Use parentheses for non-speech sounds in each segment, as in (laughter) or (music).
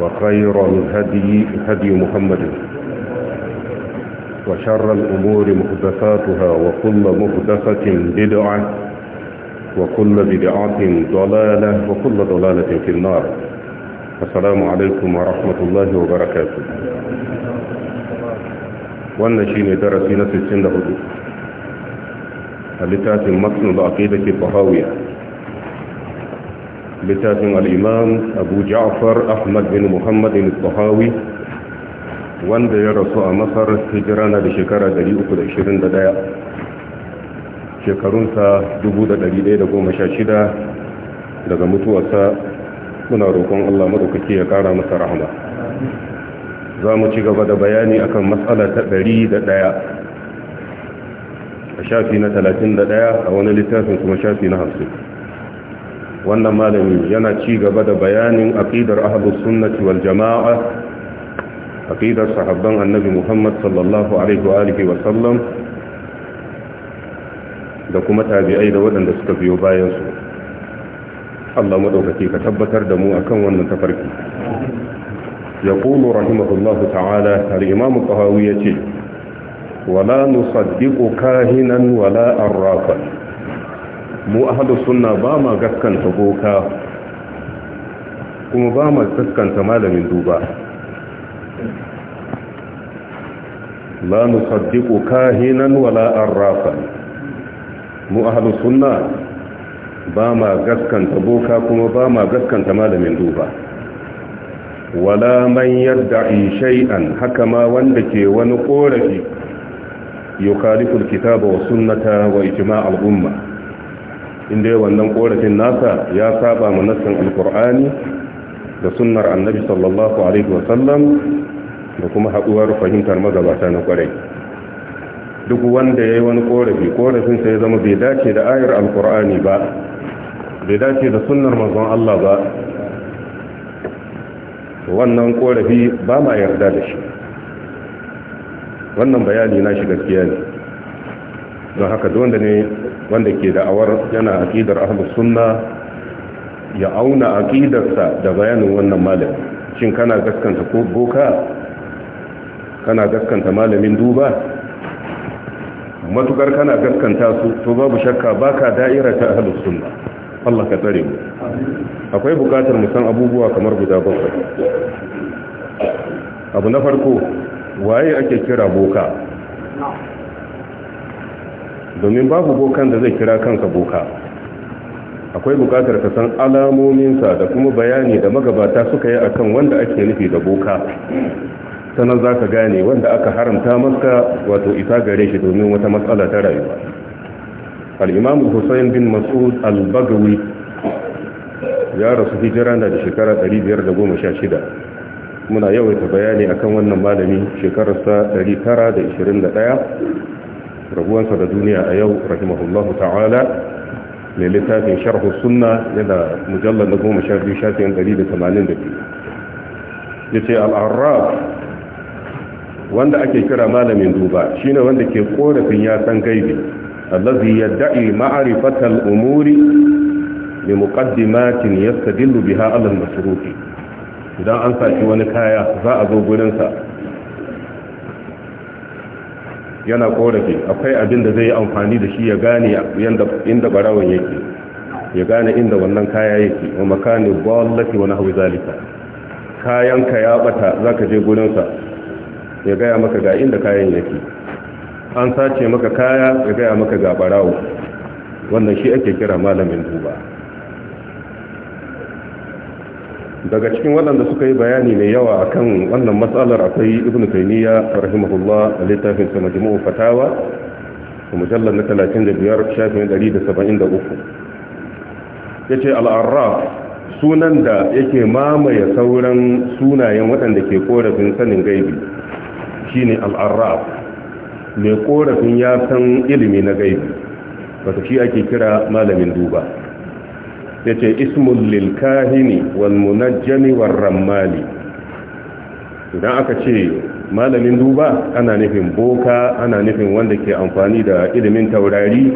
وخير الهدي هدي محمد وشر الأمور محدثاتها وكل محدثة بدعة وكل بدعة ضلالة وكل ضلالة في النار السلام عليكم ورحمة الله وبركاته wannan shi ne السنة na 64 a littafin matsin da littafin al'imam abu ahmad bin muhammad bin wanda ya rasu a masar hijira na da shekara 321 shekarunsa 1116 daga mutuwarsa muna roƙon allah maɗaukaki ya ƙara masa rahma. za mu ci gaba da bayani akan matsala ta 101 a shafi na 31 a wani littafin kuma shafi na 50 wannan malami yana ci gaba da bayanin aqidar ahlus sunnati wal jama'a aqidar sahabban annabi Muhammad sallallahu alaihi wa alihi wa sallam da kuma tabi'ai da waɗanda suka biyo bayan su Allah ka tabbatar da mu akan wannan tafarki yaqulu rahimahullahu ta'ala al-imam al-tahawi yace wala nusaddiqu kahinan wala arrafa mu ahalu sunna ba ma gaskanta boka kuma ba ma gaskanta malamin duba la nusaddiqu kahinan wala arrafa mu ahalu sunna ba ma gaskanta boka kuma ba ma gaskanta malamin duba wala man yadda'i shay'an haka ma wanda ke wani korafi yukaliful kitaba wa sunnata wa ijma'al al'umma. inda wannan korafin nasa ya saba ma alkur'ani da sunnar annabi sallallahu alaihi wasallam da kuma haɗuwar fahimtar magabata na kwarai duk wanda ya yi wani korafi korafinsa ya zama bai dace da ayar alkur'ani ba bai dace da sunnar manzon Allah ba wannan korafi ba ma yarda da shi wannan bayani na shi gaskiya ne don haka wanda ne wanda ke da'awar yana aƙidar ahlus sunna ya auna aƙidarsa da bayanin wannan malamin, shin kana gaskanta ko boka kana gaskanta malamin duba matukar kana gaskanta su to babu shakka baka da'ira ta ahlus sunna Allah ka tsare mu akwai bukatar mu san abubuwa kamar guda bakwai abu na farko waye ake kira boka domin babu bokan da zai kira kanka boka akwai bukatar ka san alamominsa da kuma bayani da magabata suka yi akan wanda ake nufi da boka sanar za ka gane wanda aka haramta maka wato isa gare shi domin wata matsala ta rayuwa al'imamu hussein bin masud al-bagawi ya rasu hijira na da shekara 516 muna yawaita bayani akan wannan malami shekararsa 921 rabuwansa da duniya a yau rahimahullahu ta'ala mai littafin sharhu sunna yana mujallar na goma sha biyu shafin da tamanin da biyu ya ce al'arraf wanda ake kira malamin duba shine wanda ke korafin ya san gaibi allazi yadda'i ma'rifatal umuri muƙaddimatin muqaddimatin yastadillu biha ala al idan an saki wani kaya za a zo gurin yana korafi akwai abin da zai yi amfani da shi ya gane inda barawan yake ya gane inda wannan kaya yake wa makani ballaki wani hau zalika kayanka ya bata za ka je gudunsa ya gaya maka ga inda kayan yake an sace maka kaya ya gaya maka ga barawo wannan shi ake kira malamin duba daga cikin waɗanda suka yi bayani mai yawa akan wannan matsalar akwai ibn taymiya rahimahullah a littafin sa majmu'u fatawa mujallal na 35 shafin 173 yace al-arraf sunan da yake mamaye sauran sunayen waɗanda ke korafin sanin gaibi shine al-arraf mai korafin ya san ilimi na gaibi wato shi ake kira malamin duba yace ismun lilkahini kahini wal idan aka ce malamin duba ana nufin boka ana nufin wanda ke amfani da ilimin taurari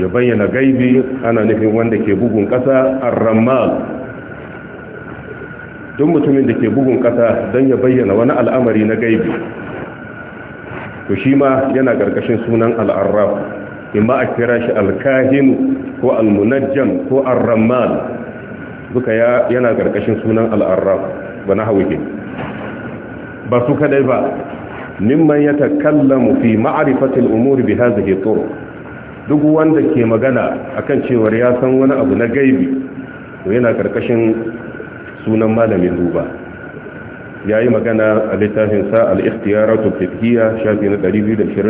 ya bayyana gaibi ana nufin wanda ke bugun kasa ar duk mutumin da ke bugun kasa don ya bayyana wani al'amari na gaibi to shi ma yana ƙarƙashin sunan al'arraf in ma a kira shi alkahinu ko al-munajjam ko ar duka yana karkashin sunan al-arraf wa nahwihi ba su kadai ba mimman yatakallamu fi ma'rifati al-umuri bi hadhihi turuq duk wanda ke magana akan cewa ya san wani abu na gaibi to yana karkashin sunan malamin duba yayi magana a littafin sa al-ikhtiyaratu fiqhiyya shafi na 224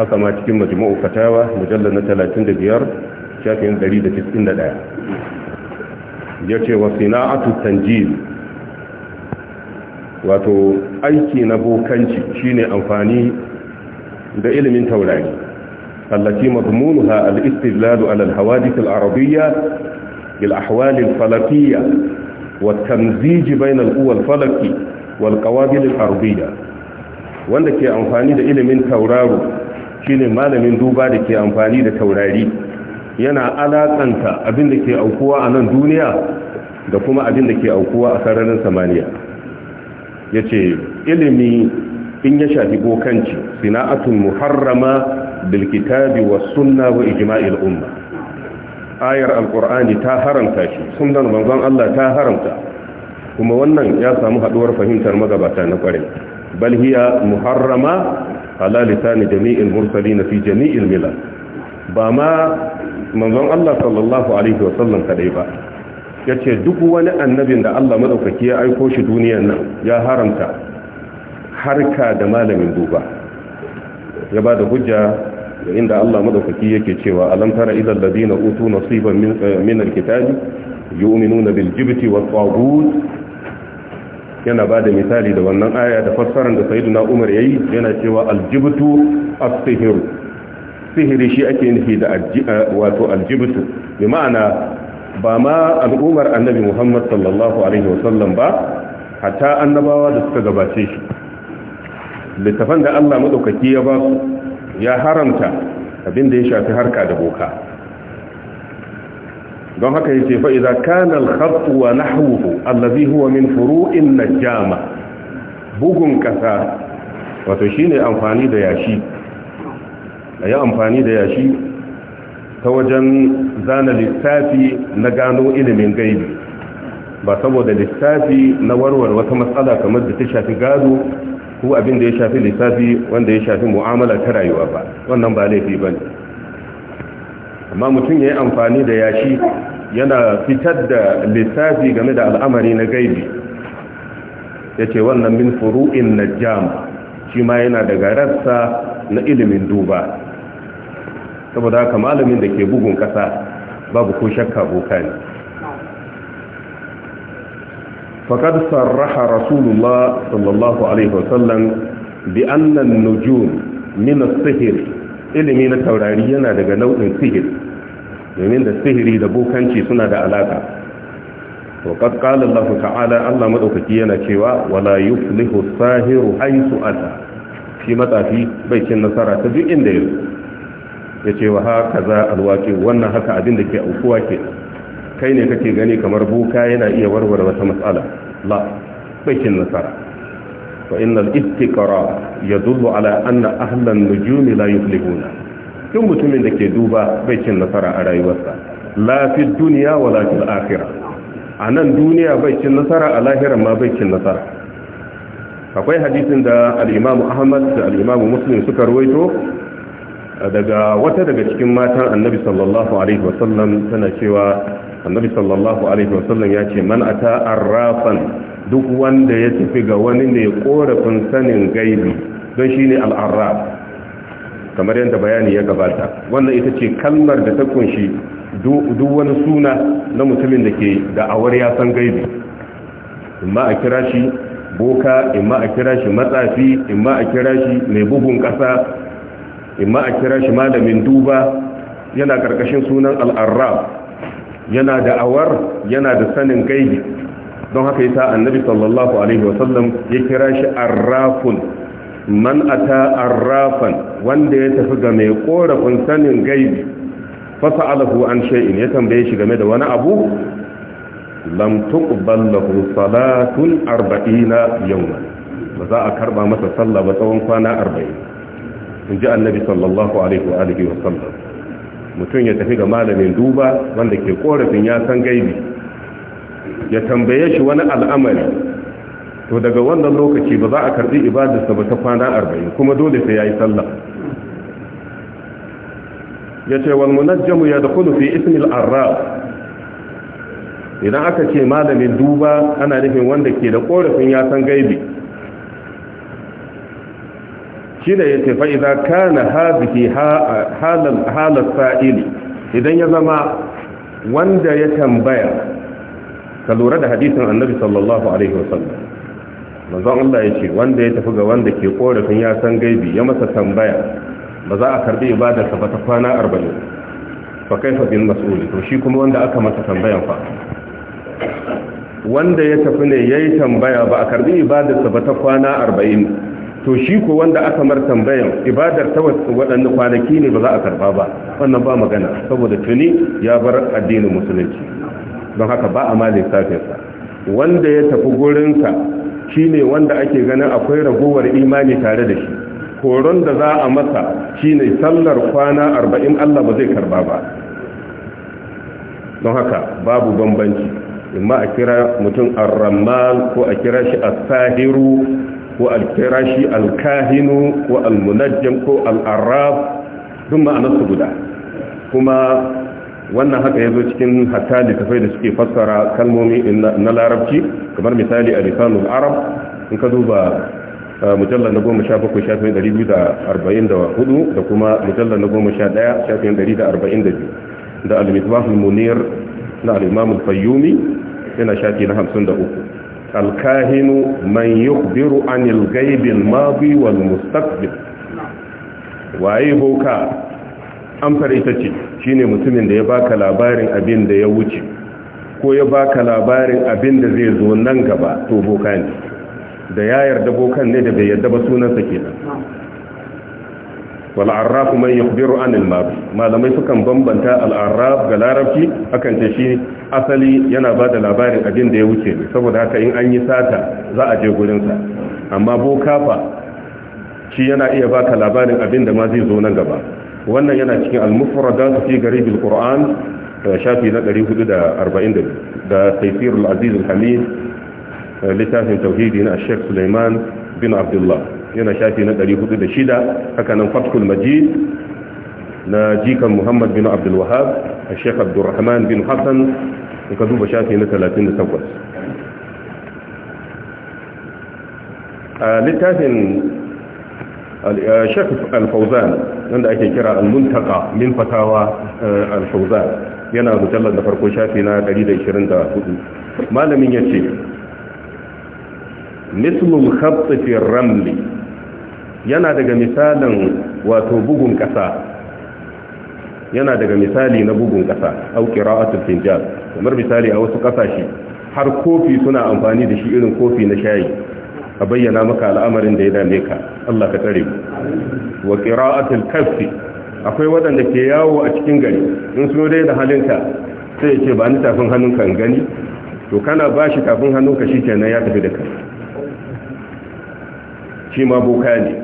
haka ma cikin majmu'u fatawa mujallal na 35 shafin 191 ce wa sina'atu tanjil wato aiki na bokanci shine amfani da ilimin taurari allati madmunuha al-istidlal ala al-hawadith al-arabiyya bil ahwal al-falakiyya wa at-tamzij al-quwa al-falaki wal qawabil al wanda ke amfani da ilimin tauraro shine malamin duba da ke amfani da taurari yana alakanta abin da ke aukuwa a nan duniya da kuma abin da ke aukuwa a sararin samaniya ya ce ilimi in ya shafi bokanci sina'atun muharrama bilkitabi wa sunna wa Ijima'il umma ayar alkur'ani ta haramta shi sunnar manzon Allah ta haramta kuma wannan ya samu haduwar fahimtar magabata na kware, bal muharrama halalitani jami'il na fi jami'in milal ba ma manzon Allah sallallahu alaihi wasallam kadai ba yace duk wani annabin da Allah madaukaki ya aiko shi duniyar nan ya haramta harka da malamin duba ya bada hujja da inda Allah madaukaki yake cewa alam tara idal na utu nasiban min kitabi eh, alkitabi yu'minuna na jibti wat taghut yana ba da misali da wannan aya da fassarar da na umar ya yi yana cewa aljibutu as sihiri shi ake nufi da eh, wato aljibutu, bi ma'ana ba ma al'ummar annabi muhammad sallallahu alaihi wasallam ba hatta annabawa da suka gabace shi littafan da Allah maɗaukaki ya ba ya haramta abin da ya shafi harka da boka don haka yace fa idza kana al na wa nahwuhu allazi huwa min furu'in najama bugun kasa wato shine amfani da yashi ayi amfani da yashi ta wajen zana lissafi na gano ilimin gaibi ba saboda lissafi na warware wata matsala kamar da ta shafi gado ko abin da ya shafi lissafi wanda ya shafi mu'amala ta rayuwa ba wannan ba laifi bane amma mutum ya yi amfani da yashi yana fitar da lissafi game da al'amari na gaibi ya ce wannan min furu'in na jam shi ma yana daga rassa na ilimin duba saboda haka malamin da ke bugun kasa babu ko shakka boka ne faƙar sarraha rasulullah sallallahu alaihi wasallam bi annan nujum min sihiri ilimi na taurari yana daga nau'in sihir domin da sihiri da bokanci suna da alaka to qad qala Allah ta'ala Allah madaukaki yana cewa wala yuflihu sahiru haythu ata shi matsafi bai cin nasara ta duk inda Ya ce wa haka za alwaqi wannan haka abin da ke aukuwa ke kai ne kake gani kamar boka yana iya warware wata matsala? la bai cin nasara فإن الاستقراء يدل على أن أهل النجوم لا يفلحون كم متمن دكي دوبا بيتين نصر على يوسع لا في الدنيا ولا في الآخرة عن الدنيا بيتين نصر على ما بيتين نصر akwai hadisin da al'imamu ahmad da al'imamu muslim suka ruwaito daga wata daga cikin matan annabi sallallahu alaihi wasallam tana cewa annabi sallallahu alaihi wasallam ya ce man ata arrafan duk wanda ya tafi ga wani mai korafin sanin gaibi don shi ne al’arra kamar yadda bayani ya gabata wannan ita ce kalmar da ta kunshi duk wani suna na mutumin da ke da'awar ya san gaibi imma a kira shi boka imma a kira shi matsafi imma a kira shi mai bugun ƙasa imma a kira shi malamin duba yana ƙarƙashin sunan al’arra yana da'awar yana da sanin gaibi don haka yasa annabi sallallahu alaihi wasallam ya kira shi arrafun man ata arrafan wanda ya tafi ga mai korafin sanin gaibi fasa'alahu an shay'in ya tambaye shi game da wani abu lam tuqbal lahu salatun 40 yawman ba za a karba masa sallah ba tsawon kwana In ji annabi sallallahu alaihi wa alihi sallam mutum ya tafi ga malamin duba wanda ke korafin ya san gaibi ya tambaye shi wani al'amari to daga wannan lokaci ba za a karbi ibadarsa ba ta kwana arba'in kuma dole sai ya yi sallah ya ce wal munajjamu ya dakulu fi ismil arra? idan aka ce malamin duba ana nufin wanda ke da korafin ya san gaibi shi da ya ce fa'iza kana haziki halar sa'ili idan ya zama wanda ya tambaya ka lura da hadisin annabi sallallahu alaihi wasallam manzon Allah ya ce wanda ya tafi ga wanda ke korafin ya san gaibi ya masa tambaya ba za a karbi ibadarsa ba ta kwana arba'in fa kaifa bil mas'ul to shi kuma wanda aka masa tambayan fa wanda ya tafi ne yayi tambaya ba a karbi ibadarsa ba ta kwana arba'in to shi ko wanda aka mar tambayan ibadar ta waɗanne kwanaki ne ba za a karba ba wannan ba magana saboda tuni ya bar addinin musulunci don haka ba a ma lissafinsa wanda ya tafi gurinsa shine wanda ake ganin akwai ragowar imani tare da shi koron da za a masa shine sallar kwana arba'in Allah ba zai karba ba don haka babu bambanci imma a kira mutum arramal ko a kira shi asahiru ko a kira shi alkahinu ko almunajjam ko al'arraf duk ma'anarsu guda kuma wannan haka ya zo cikin hatta littafai da suke fassara kalmomi na larabci kamar misali a lisanul arab in ka duba mujallar na goma sha bakwai shafin ɗari biyu da arba'in da hudu da kuma mujallar na goma sha ɗaya shafin ɗari da arba'in da biyu da alimitwafin munir na alimamun fayyumi yana shafi na hamsin da uku alkahinu man yukbiru anil gaibin mabi wal mustaqbil waye boka amsar ita ce shi ne mutumin da ya baka labarin abin da ya wuce ko ya baka labarin abin da zai zo nan gaba to boka ne da ya yarda bokan ne da bai yarda ba sunansa nan wal mai man yukhbiru an al malamai sukan bambanta al ga larabci akan ce shi asali yana ba da labarin abin da ya wuce saboda haka in an yi sata za a je gurinsa sa amma boka fa shi yana iya baka labarin abin da ma zai zo nan gaba wannan yana cikin al-mufradat fi gharib al-Qur'an eh, shafi na 442 da Tafsir al-Aziz al-Hamid eh, littafin tauhidi na Sheikh Sulaiman bin Abdullah yana shafi na 406 haka nan Fathul Majid na jikan Muhammad bin Abdul Wahhab eh, Sheikh Abdul Rahman bin Hassan ka duba shafi na 38 littafin Eh, shakif alfauzan wanda ake kira almuntaka min fatawa eh, alfauzan yana mujallar da farko shafi na 124 malamin ya ce mislul khabtifin ramli yana daga misalin wato bugun kasa yana daga misali na bugun kasa au qira'atul finjan kamar misali a wasu kasashe har kofi suna amfani da shi irin kofi na shayi a bayyana maka al'amarin da ya dame ka Allah ka tsare mu wa qira'atul kaffi akwai waɗanda ke yawo a cikin gari in sun dai da halinka sai ya ce ba ni tafin hannunka in gani to kana ba shi tafin hannunka shi kenan ya tafi da kai shi ma boka ne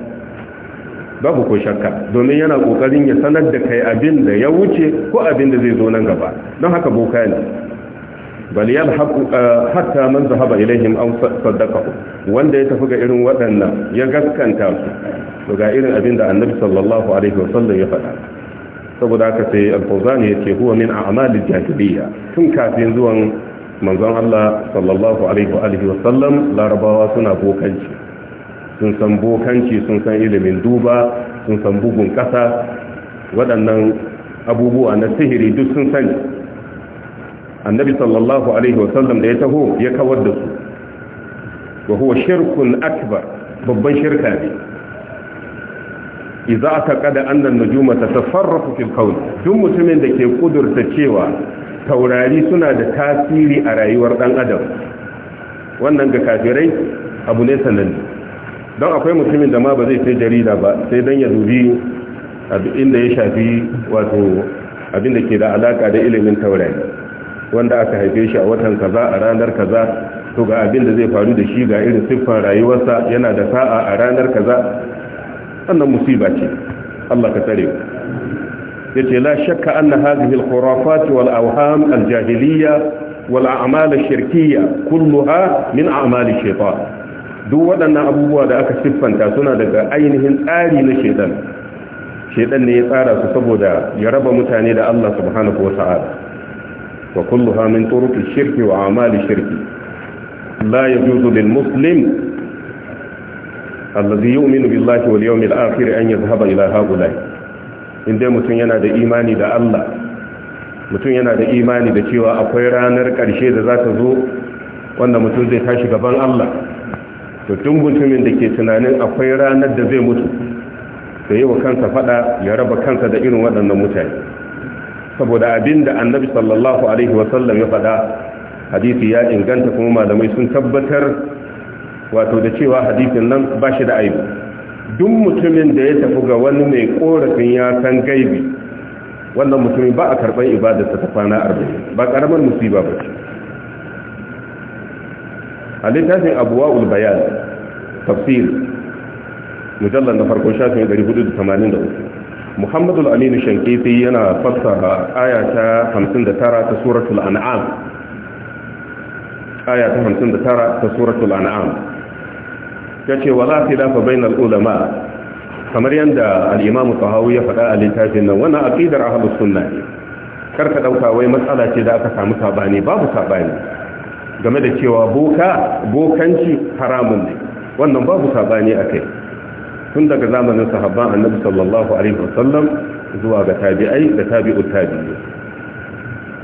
babu ko shakka domin yana kokarin ya sanar da kai abin da ya wuce ko abin da zai zo nan gaba don haka boka ne bal yalhaqu eh, hatta man zahaba ilaihim aw saddaqahu wanda ya tafi ga irin waɗannan ya gaskanta su to ga irin abin da annabi sallallahu alaihi wasallam ya faɗa saboda haka sai al-fawzani yace huwa min a'malil jahiliyya tun kafin zuwan manzon Allah sallallahu alaihi wa alihi wasallam larabawa suna bokanci sun san bokanci sun san ilimin duba sun san bugun kasa waɗannan abubuwa na sihiri duk sun sani annabi sallallahu alaihi wasallam da ya taho ya kawar da su wa huwa shirkun akbar babban shirka ne idza taqada anna an-nujuma tatafarraqu fil kawn duk mutumin da ke kudurta cewa taurari suna da tasiri a rayuwar dan adam wannan ga kafirai abu ne sananne don akwai mutumin da ma ba zai sai jarida ba sai dan ya dubi abin da ya shafi wato abin da ke da alaka da ilimin taurari wanda aka haife shi a watan kaza a ranar kaza to ga abin da zai faru da shi ga irin siffar rayuwarsa yana da sa'a a ranar kaza sannan musiba ce Allah ka tsare yace la shakka anna hadhihi al-khurafat wal awham al-jahiliyya wal a'mal ash-shirkiyya kulluha min a'mal ash-shaytan duk waɗannan abubuwa da aka siffanta suna daga ainihin tsari na shaytan shaytan ne ya tsara su saboda ya raba mutane da Allah subhanahu wa ta'ala wa kulluha min turuqi shirki wa amali shirki la yajuzu lil muslim alladhi yu'minu billahi wal yawmil akhir an yadhhaba ila haula inda mutum yana da imani da Allah mutum yana da imani da cewa akwai ranar ƙarshe da zata zo wanda mutum zai tashi gaban Allah to mutumin da ke tunanin akwai ranar da zai mutu da yi wa kansa fada ya raba kansa da irin waɗannan mutane saboda abin da annabi sallallahu alaihi wasallam ya faɗa hadisi ya inganta kuma malamai sun tabbatar wato da cewa hadisin nan ba shi da aibu duk mutumin da ya tafi ga wani mai korafin ya san gaibi wannan mutumin ba a karɓar ibadarsa ta kwana arba'in ba ƙaramar musiba ba ce a littafin abuwa ulbayan tafsir mujallar na farko shafin 483 muhammadu aminu shankiti yana fassara aya ta 59 ta suratul an'am aya ta 59 ta suratul an'am yace wala khilafa bainal ulama kamar yanda al-imamu tahawi ya faɗa a littafin nan wannan aqidar ahlus sunna ne karka dauka wai matsala ce da aka samu sabani babu sabani game da cewa boka bokanci haramun ne wannan babu sabani akai tun daga zamanin sahabban annabi sallallahu alaihi wasallam zuwa ga tabi'ai da tabi'u tabi'i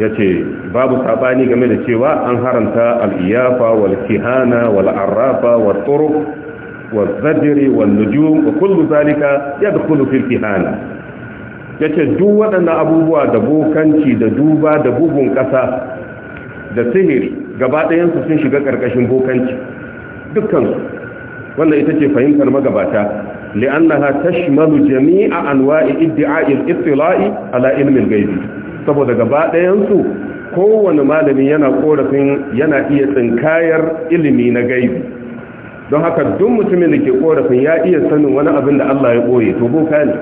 yace babu sabani game da cewa an haramta al-iyafa wal kihana wal arrafa wal turuq wal zadri wal nujum wa kullu zalika yadkhulu fil kihana yace duk waɗannan abubuwa da bokanci da duba da bugun ƙasa da sihiri gaba ɗayan su sun shiga ƙarƙashin bokanci dukkan wannan ita ce fahimtar magabata li'annaha tashmalu jami'a anwa'i iddi'a'il ittila'i ala ilmin gaibi saboda gaba ɗayan su kowane malami yana korafin yana iya tsinkayar ilimi na gaibi don haka duk mutumin da ke korafin ya iya sanin wani abin da Allah ya boye to boka ne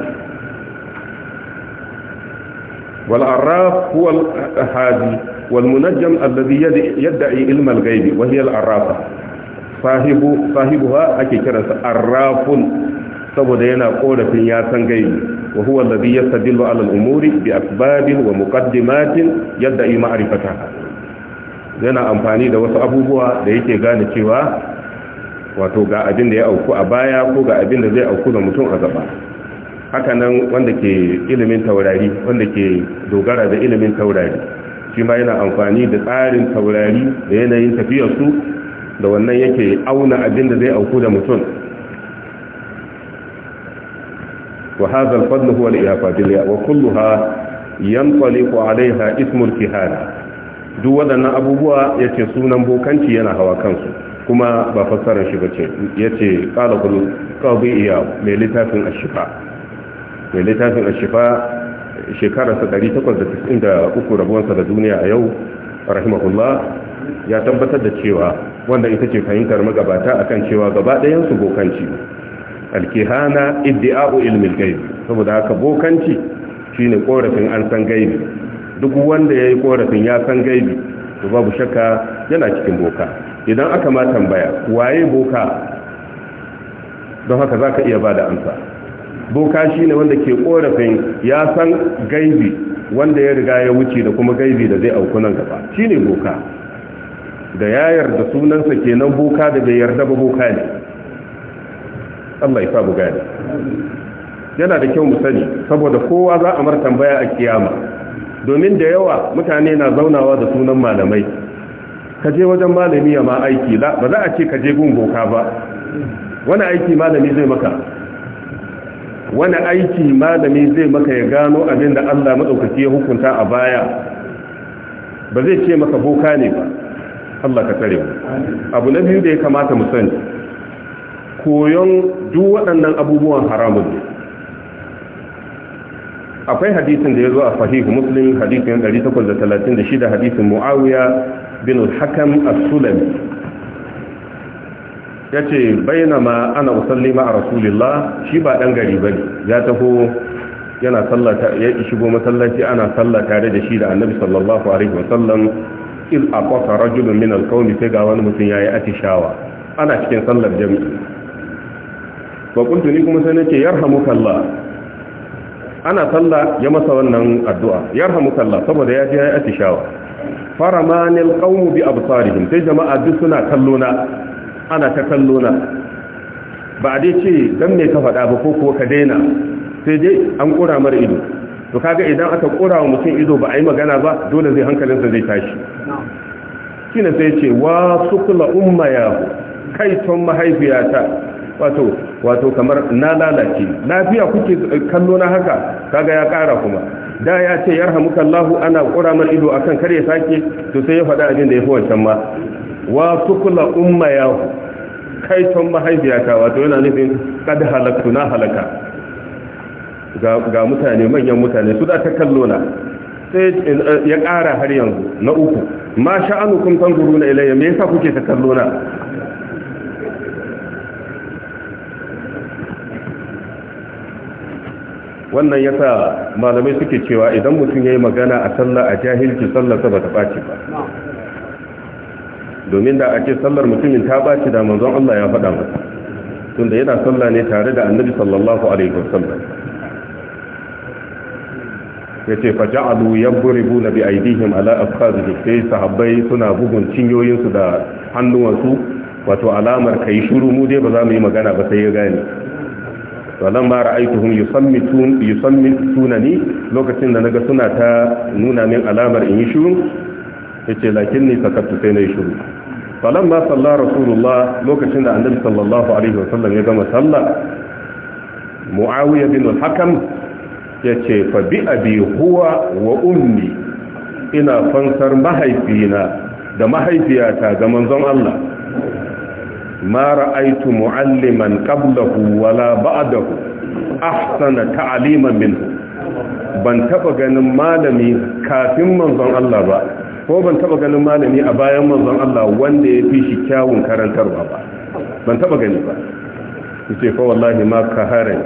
wal arraf huwa hadi wal munajjam alladhi yad'i ilma al ghaibi wa hiya sahibu sahibuha ake kiransa arrafun saboda yana korafin ya san gai, wa huwa alladhi yastadillu ala al-umuri bi asbabin wa muqaddimatin yadda yi ma'rifata yana amfani da wasu abubuwa da yake gane cewa wato ga abin da ya auku a baya ko ga abin da zai auku da mutum a gaba haka nan wanda ke ilimin taurari wanda ke dogara da ilimin taurari shi ma yana amfani da tsarin taurari da yanayin tafiyarsu da wannan yake auna abin da zai auku da mutum wa الفضل هو fadl huwa وكلها ينطلق عليها اسم wa دو ودن أبو بوا يتي سونا duk كانتي abubuwa هوا sunan bokanci yana hawa kansu kuma ba fassarar shi bace yace qala qul qadi iya mai littafin ash-shifa mai littafin ash-shifa shekararsa 893 rabuwansa da duniya yau ya tabbatar da cewa wanda ita ce fahimtar magabata akan cewa gaba ɗayan su bokanci alkihana iddi'a'u ilmin gaibi saboda haka bokanci shine korafin an san gaibi duk wanda yayi korafin ya san gaibi to babu shakka yana cikin boka idan aka ma tambaya waye boka don haka zaka iya bada amsa boka shine wanda ke korafin ya san gaibi wanda ya riga ya wuce da kuma gaibi da zai auku nan gaba shine boka da ya yarda sunansa kenan boka da bai yarda ba boka ne Allah ya sa mu gane yana da kyau mu sani saboda kowa za a mar tambaya a kiyama domin da yawa mutane na zaunawa da sunan malamai ka je wajen malami ya ma aiki ba za a ce ka je gun boka ba wani aiki malami zai maka wani aiki malami zai maka ya gano abin da Allah maɗaukaci ya hukunta a baya ba zai ce maka boka ne ba Allah ka tare mu abu na biyu da ya kamata mu sani koyon duk waɗannan abubuwan haramun ne akwai hadisin da ya zo a sahihu muslim hadisin 836 hadisin muawiya bin al-hakam as-sulami yace ma ana usalli ma rasulillah shi ba ɗan gari ne ya taho yana sallata ya shigo masallaci ana sallah tare da shi da annabi sallallahu alaihi wasallam il aqasa rajulun min al sai ga wani mutum ya yi atishawa ana cikin sallar jami'i ba ni kuma sai nace yarhamukallah ana sallah ya masa wannan addu'a yarhamukallah Allah saboda ya ji ya atishawa faramanil qawmu bi absarihim sai jama'a duk suna kallo na ana ta kallo na ba dai ce dan me ka faɗa ba ko kuwa ka daina sai dai an kura mar ido to kaga idan aka kura wa mutum ido ba a yi magana ba dole zai hankalinsa zai tashi shine sai ce wa sukula umma kai ton mahaifiyata wato wato kamar na lalace lafiya kuke kallo na haka kaga ya kara kuma da ya ce yarhamukallahu ana kura man ido akan kar ya sake to sai ya faɗa abin da ya wancan ma wa tukula umma ya kaiton mahaifiyata wato yana nufin kad halaktu na halaka ga mutane manyan mutane su da ta kallo na sai ya kara har yanzu na uku ma sha'anukum tanzuruna ilayya me yasa kuke ta kallo na wannan yasa malamai suke cewa idan mutum ya yi magana a sallah a jahilci ta bata baci ba domin da ake sallar mutumin ta baci da manzon Allah ya faɗa masa tunda yana sallah ne tare da annabi sallallahu alaihi wasallam yace fa ja'alu na bi aydihim ala afkhazihim sai sahabbai suna bugun cinyoyinsu da hannuwansu wato alamar kai shiru mu dai ba za mu yi magana ba sai ya gane walan ma ra'aituhum yusammitun yusammitunani lokacin da naga suna ta nuna min alamar in yi shiru yace lakinni sakattu sai na yi shiru falan ba sallah rasulullah lokacin da annabi sallallahu alaihi sallam ya gama sallah muawiya bin al-hakam yace fa bi abi huwa wa ummi ina fansar mahaifina da mahaifiyata ga manzon Allah ma ra'aytu mu'alliman qablahu wala ba'dahu ahsana ta'liman minhu ban taba ganin malami kafin manzon Allah ba ko ban taba ganin malami a bayan manzon Allah wanda ya fi shi kyawun karantarwa ba ban taba gani ba yace fa wallahi ma kahare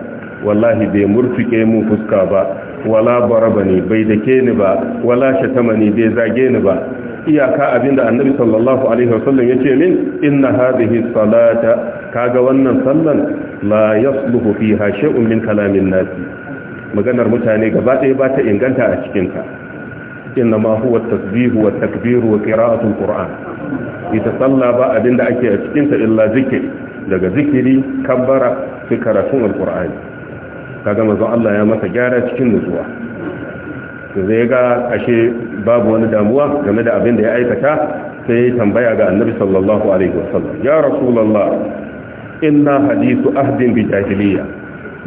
wallahi bai murtuke mun fuska ba wala ne bai dake ni ba wala shatamani bai zage ni ba iyaka abinda annabi sallallahu alaihi wasallam yace min inna hadhihi salata kaga wannan sallan la yasluhu fiha shay'un min kalamin nas maganar mutane gaba ɗaya ba ta inganta a cikin ta inna ma huwa tasbihu wa takbiru wa qira'atu ita sallah ba abinda ake a cikin ta illa zikiri daga zikiri kabbara fi karatun alqur'ani Ka ga manzon Allah ya masa gyara cikin nutsuwa to zai ga ashe babu wani damuwa game da abin da ya aikata sai ya tambaya ga annabi sallallahu alaihi wasallam ya rasulullah inna hadithu ahdin bi jahiliya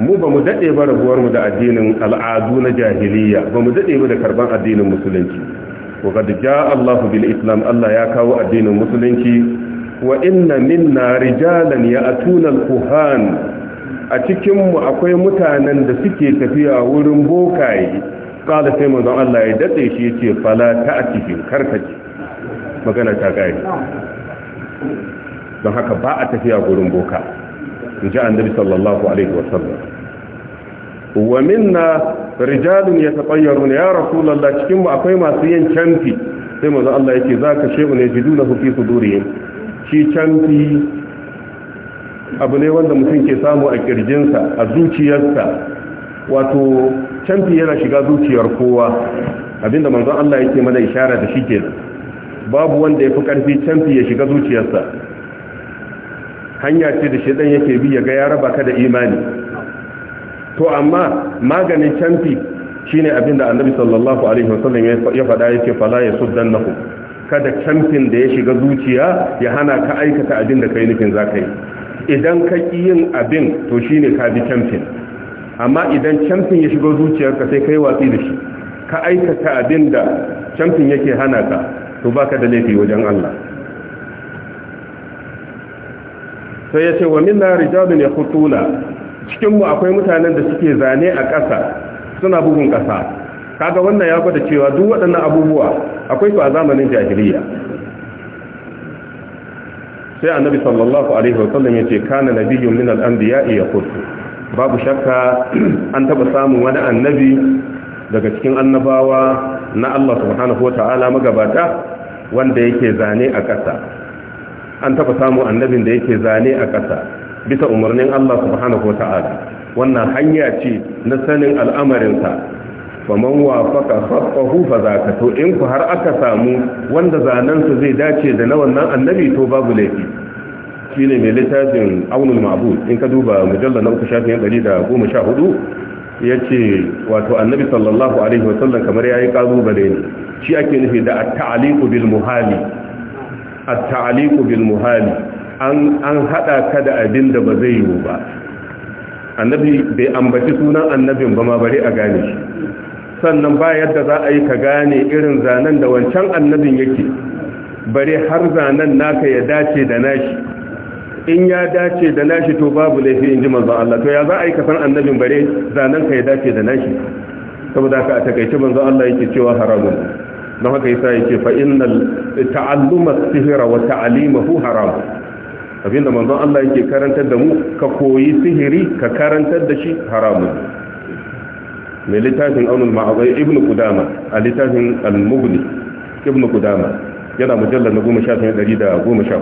mu ba mu dade ba rabuwar mu da addinin al'adu na jahiliya ba mu dade ba da karban addinin musulunci wa qad jaa Allah bil islam Allah ya kawo addinin musulunci wa inna minna rijalan ya'tuna al-kuhan a cikinmu akwai mutanen da suke tafiya wurin bokaye kala sai manzon Allah ya datse shi ya ce fala ta a cikin karkaci magana ta gari don haka ba a tafiya wurin boka in ji annabi sallallahu alaihi wasallam wa minna rijalun ya yatatayyarun ya rasulullah cikin mu akwai masu yin canfi sai manzon Allah yake zaka shebu ne jiduna fi sudurihim shi canfi abu ne wanda mutum ke samu a kirjinsa a zuciyarsa wato canfi yana shiga zuciyar kowa abinda manzon Allah yake mana ishara da shi ke, babu wanda ya fi ƙarfi canfi ya shiga zuciyarsa hanya ce da shi shaidan yake bi ya ga ya raba ka da imani to amma maganin canfi shine abinda annabi sallallahu alaihi wasallam ya faɗa yake fala ya suddannahu kada canfin da ya shiga zuciya ya hana ka aikata abin da kai nufin ka yi idan ka ƙi yin abin to shi ne ka bi camfin amma idan camfin ya shigo zuciyarka sai ka yi watsi da shi ka aikata abin da camfin yake hana ka to ba ka da laifi wajen Allah sai ya ce wa minna rijalun ya hutuna cikinmu akwai mutanen da suke zane a ƙasa suna bugun ƙasa kaga wannan ya gwada cewa duk waɗannan abubuwa akwai su a zamanin jahiliya sai annabi sallallahu alaihi wasallam ya ce kana nabiyyun min al-anbiya yaqul babu shakka (clears throat) an taba samun wani annabi daga cikin annabawa na Allah subhanahu wataala magabata wanda yake zane a ƙasa an taba samun annabin da yake zane a ƙasa bisa umarnin Allah subhanahu wataala wannan hanya ce na sanin al'amarinsa faman wafaka safahu fa zaka to in ku har aka samu wanda zanansa zai dace da na wannan annabi to babu laifi shine mai littafin aunul ma'bud in ka duba mujallal na uku shafin Ya yace wato annabi sallallahu alaihi wasallam kamar yayi ƙalubale ne shi ake nufi da at-ta'liqu bil muhali at-ta'liqu bil muhali an an hada ka da abin da ba zai yiwu ba annabi bai ambaci sunan annabin ba ma bare a gane shi sannan ba yadda za a yi ka gane irin zanen da wancan annabin yake bare har zanen naka ya dace da nashi in ya dace da nashi to babu laifi in ji manzon Allah to ya za a yi ka san annabin bare zanen ka ya dace da nashi saboda ka a takaice manzon Allah yake cewa haramun don haka yasa yake fa innal ta'alluma sihra wa ta'limuhu haram abinda manzon Allah yake karantar da mu ka koyi sihiri ka karantar da shi haramun mai littafin aunul ma'azai ibn kudama a littafin al-mughni ibn kudama yana mujallar na goma sha ɗari da goma sha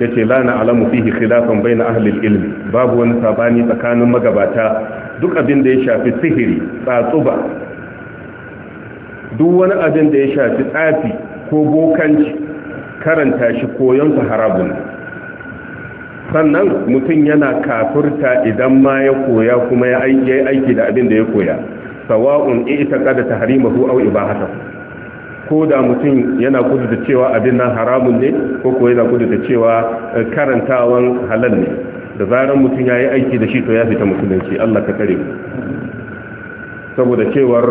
ya ce la alamu fihi khilafan bai na ahalil ilmi babu wani sabani tsakanin magabata duk abin da ya shafi sihiri ba. duk wani abin da ya shafi tsafi ko bokanci karanta shi koyon su harabun sannan mutum yana kafurta idan ma ya koya kuma ya yi aiki da abin da ya koya sawa'un ita kada ta Harima ko au ibahata ko da mutum yana kudu da cewa abin nan haramun ne ko ko yana kudu da cewa eh, karantawan halal ne da zaran mutum ya yi aiki da shi to ya fita musulunci Allah ka kare saboda cewar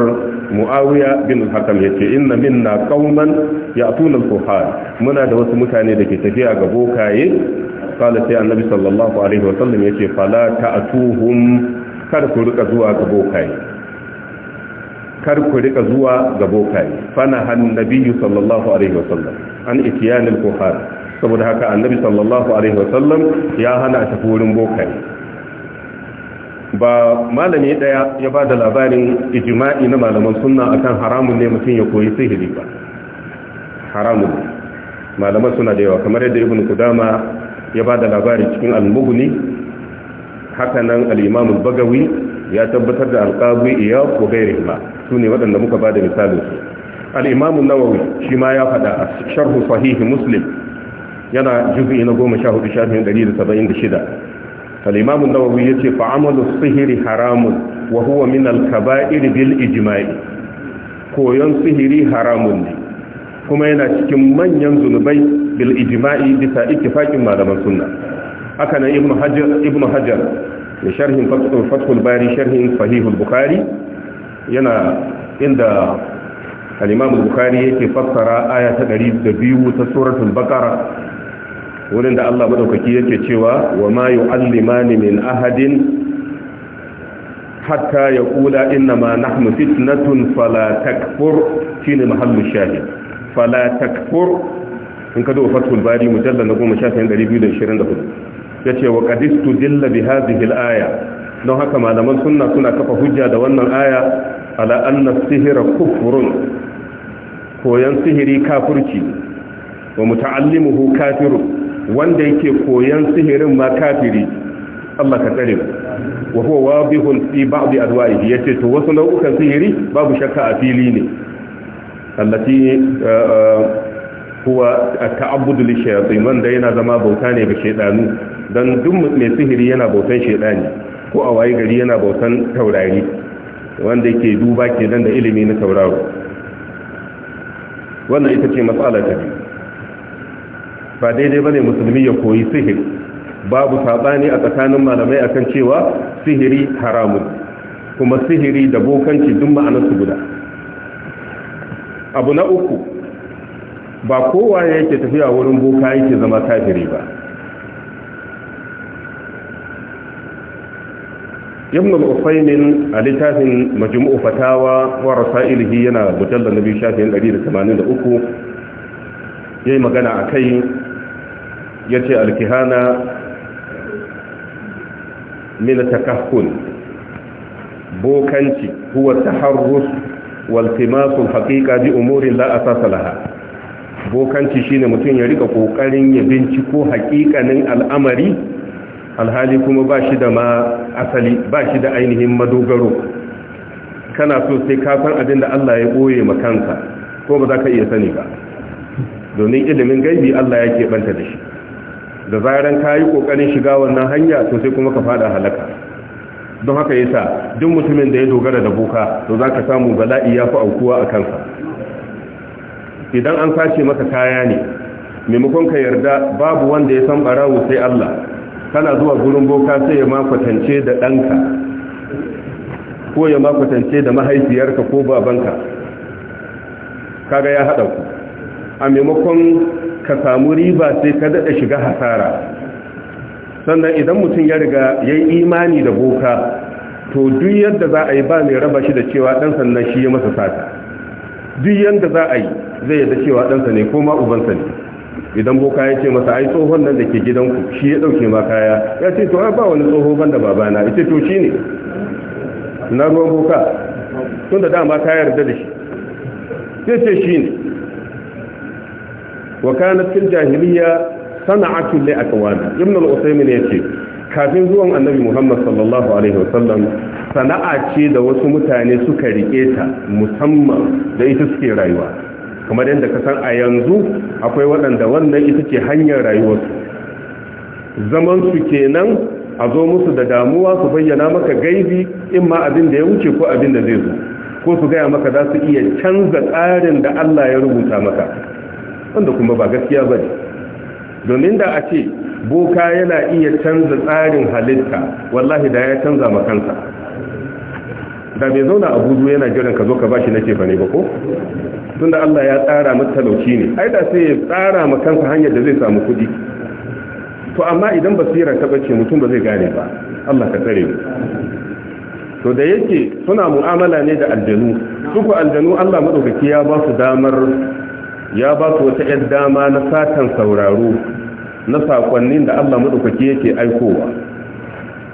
muawiya bin hakam ya ce inna minna qauman ya'tuna al muna da wasu mutane da ke tafiya ga bokaye kala sai annabi sallallahu alaihi wa sallam yace fala ta'tuhum kar ku rika zuwa ga bokai kar ku rika zuwa ga bokai fana han nabiyyu sallallahu alaihi wa sallam an itiyan al-kuhar saboda haka annabi sallallahu alaihi wa sallam ya hana ta wurin bokai ba malami daya ya ba da labarin ijma'i na malaman sunna akan haramun ne mutum ya koyi sihiri ba haramun malaman suna da yawa kamar yadda ibn kudama ya ba da labari cikin al-mughni hakanan al-imam al-bagawi ya tabbatar da al-qadi iya ko gairihima sune waɗanda muka ba da misalin su al-imam an-nawawi shi ma ya faɗa a sharh sahih muslim yana juz'i na 14 sharhin 176 al-imam an-nawawi yace fa amalu sihiri haramun wa huwa min al-kaba'ir bil ijma'i koyon sihiri haramun ne kuma yana cikin manyan zunubai bil ijma'i bisa ittifaqin malaman sunna haka nan ibnu hajar ibnu hajar ya sharhin fathul bari sharhin sahihul bukhari yana inda al-imam bukhari yake fassara aya ta 102 ta suratul baqara wurin da Allah madaukaki yake cewa wa ma yu'allimani min ahadin hatta yaqula inna ma nahnu fitnatun fala takfur shine mahallu shahid fala takfur in ka zo fatul bari mujallal na goma shafin 224 ya ce wa kadistu dilla bi hadhihi aya don haka malaman sunna suna kafa hujja da wannan aya ala anna sihira kufrun koyan sihiri kafirci wa muta'allimuhu kafiru wanda yake koyan sihirin ma kafiri Allah ka tsare wa huwa wadihun fi ba'd adwa'ihi to wasu nau'ukan sihiri babu shakka a fili ne allati huwa ta'abbudu lishayatin wanda yana zama bauta ne ga shaidanu don duk mai sihiri yana bautan shaidani, ko a wayi gari yana bautan taurari wanda yake duba kenan da ilimi na tauraro wannan ita ce matsalar ta ba daidai bane musulmi ya koyi sihiri babu saɓani a tsakanin malamai akan cewa sihiri haramun kuma sihiri da bokanci duk ma'anar su guda abu na uku ba kowa yake tafiya wurin boka yake zama kafiri ba ibn al-usaymin a littafin majmu'u fatawa wa rasailihi yana mujallal nabi shafin 183 yayi magana a akai yace al-kihana min takahhun bokanci huwa taharrus waltimasul haqiqa bi umurin la a sasalaha. bokanci shine mutum ya rika kokarin ya binciko haƙiƙanin al'amari alhali kuma ba shi da ma asali ba shi da ainihin madogaro kana so sai ka san abin da Allah ya boye makansa ko ba za ka iya sani ba domin ilimin gaibi Allah ya banta da shi da zaran ka yi ƙoƙarin shiga wannan hanya to sai kuma ka fada halaka don haka yasa duk mutumin da ya dogara da boka to zaka samu bala'i ya fi aukuwa a kansa idan an sace maka kaya ne maimakon ka yarda babu wanda ya san barawo sai Allah kana zuwa gurin boka sai ya makwatance da ɗanka ko ya makwatance da mahaifiyarka ko babanka kaga ya haɗa ku a maimakon ka samu riba sai ka daɗa shiga hasara sannan idan mutum ya riga ya yi imani da boka to duk yadda za a yi ba mai raba shi da cewa ɗan sannan shi ya masa sata duk yadda za a yi zai yadda cewa ɗansa ne ko ma uban ne idan boka ya ce masa ai tsohon nan da ke gidanku shi ya ɗauke ma kaya ya ce to ba wani tsoho banda babana ita to shi ne na ruwan boka tun da dama ta yarda da shi ya ce shi ne wa kanat fil jahiliya sana'atun li wani, ibn al-usaymin yace kafin zuwan annabi muhammad sallallahu alaihi wasallam sana'a ce da wasu mutane suka rike ta musamman da ita suke rayuwa kamar yadda ka san a yanzu akwai waɗanda wannan ita ce hanyar rayuwarsu zaman su kenan a zo musu da damuwa su bayyana maka gaibi in ma abin da ya wuce ko abin da zai zo ko su gaya maka za su iya canza tsarin da Allah ya rubuta maka wanda kuma ba gaskiya ba domin da a ce boka yana iya canza tsarin halitta wallahi da ya canza makansa da bai zauna a buzu yana jiran ka zo ka bashi nake bane ba ko tunda Allah ya tsara mata talauci ne ai da sai ya tsara makansa hanyar da zai samu kuɗi to amma idan basira ta bace mutum ba zai gane ba Allah ka tsare mu to da yake suna mu'amala ne da aljanu duk aljanu Allah madaukaki ya ba su damar ya ba su wata ‘yan dama na satan sauraro na saƙonnin da Allah maɗaukaki yake aikowa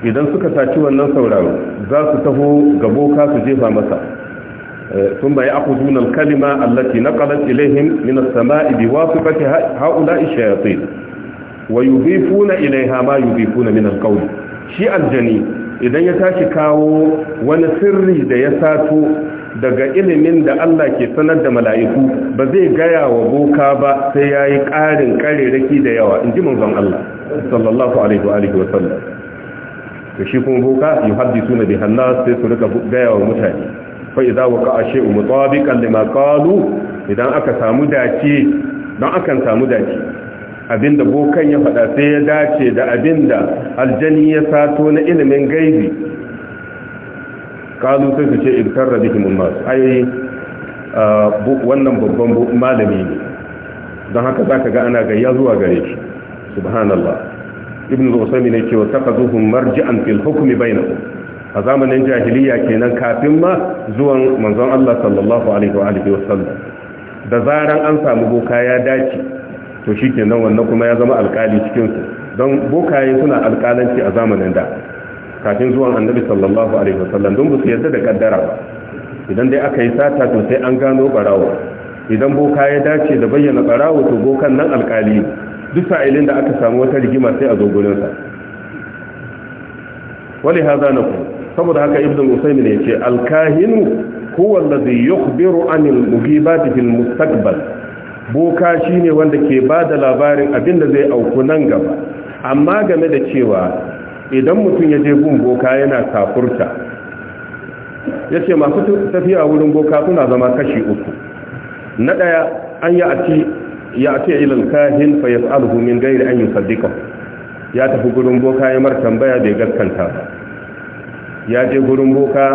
idan suka saci wannan sauraro za su taho ga boka su jefa masa sun eh, bai aku zunan kalima allati na ƙalar ilaihim min sama'i bi wasu kake haula ishayatai wa yubifuna ilaiha ma yubifuna min alƙauli shi aljani idan ya tashi kawo wani sirri da ya sato daga ilimin da Allah ke sanar da mala'iku ba zai gaya wa boka ba sai ya yi ƙarin ƙarerraki da yawa in ji manzon Allah sallallahu alaihi wa da shi kuma boka yi suna na sai su rika gaya wa mutane fai za wa ka'ashe umu tsawabi kallima kalu idan aka samu dace don akan samu dace abinda bokan ya faɗa sai ya dace da abinda aljani ya sato na ilimin gaibi kalu sai su ce ibtar rabihimun masu ayoyi wannan babban malami ne don haka za ka ga ana gayya zuwa gare shi subhanallah ibn rusami ne cewa ta kazuhun marji'an fil hukumi bainahum a zamanin jahiliya kenan kafin ma zuwan manzon Allah sallallahu alaihi wa alihi da zaran an samu boka ya dace to shi kenan wannan kuma ya zama alkali cikinsu don bokaye suna alkalanci a zamanin da kafin zuwan annabi sallallahu alaihi wasallam don ba su yarda da kaddara ba idan dai aka yi sata to sai an gano barawo idan boka ya dace da bayyana barawo to bokan nan alkali duk sa'ilin da aka samu wata rigima sai a zo sa. wali haza na ku saboda haka ibn usaymin ya ce alkahinu huwa allazi yukhbiru anil mughibati fil mustaqbal boka shi ne wanda ke ba da labarin abin da zai auku nan gaba amma game da cewa idan mutum ya je gun boka yana kafurta ya ce masu tafiya wurin boka suna zama kashi uku na ɗaya an yi a ce ya ce ilal kahin fa alhumin gairi an yi yusaddiqa ya tafi gurin boka ya mar tambaya bai gaskanta ba ya je gurin boka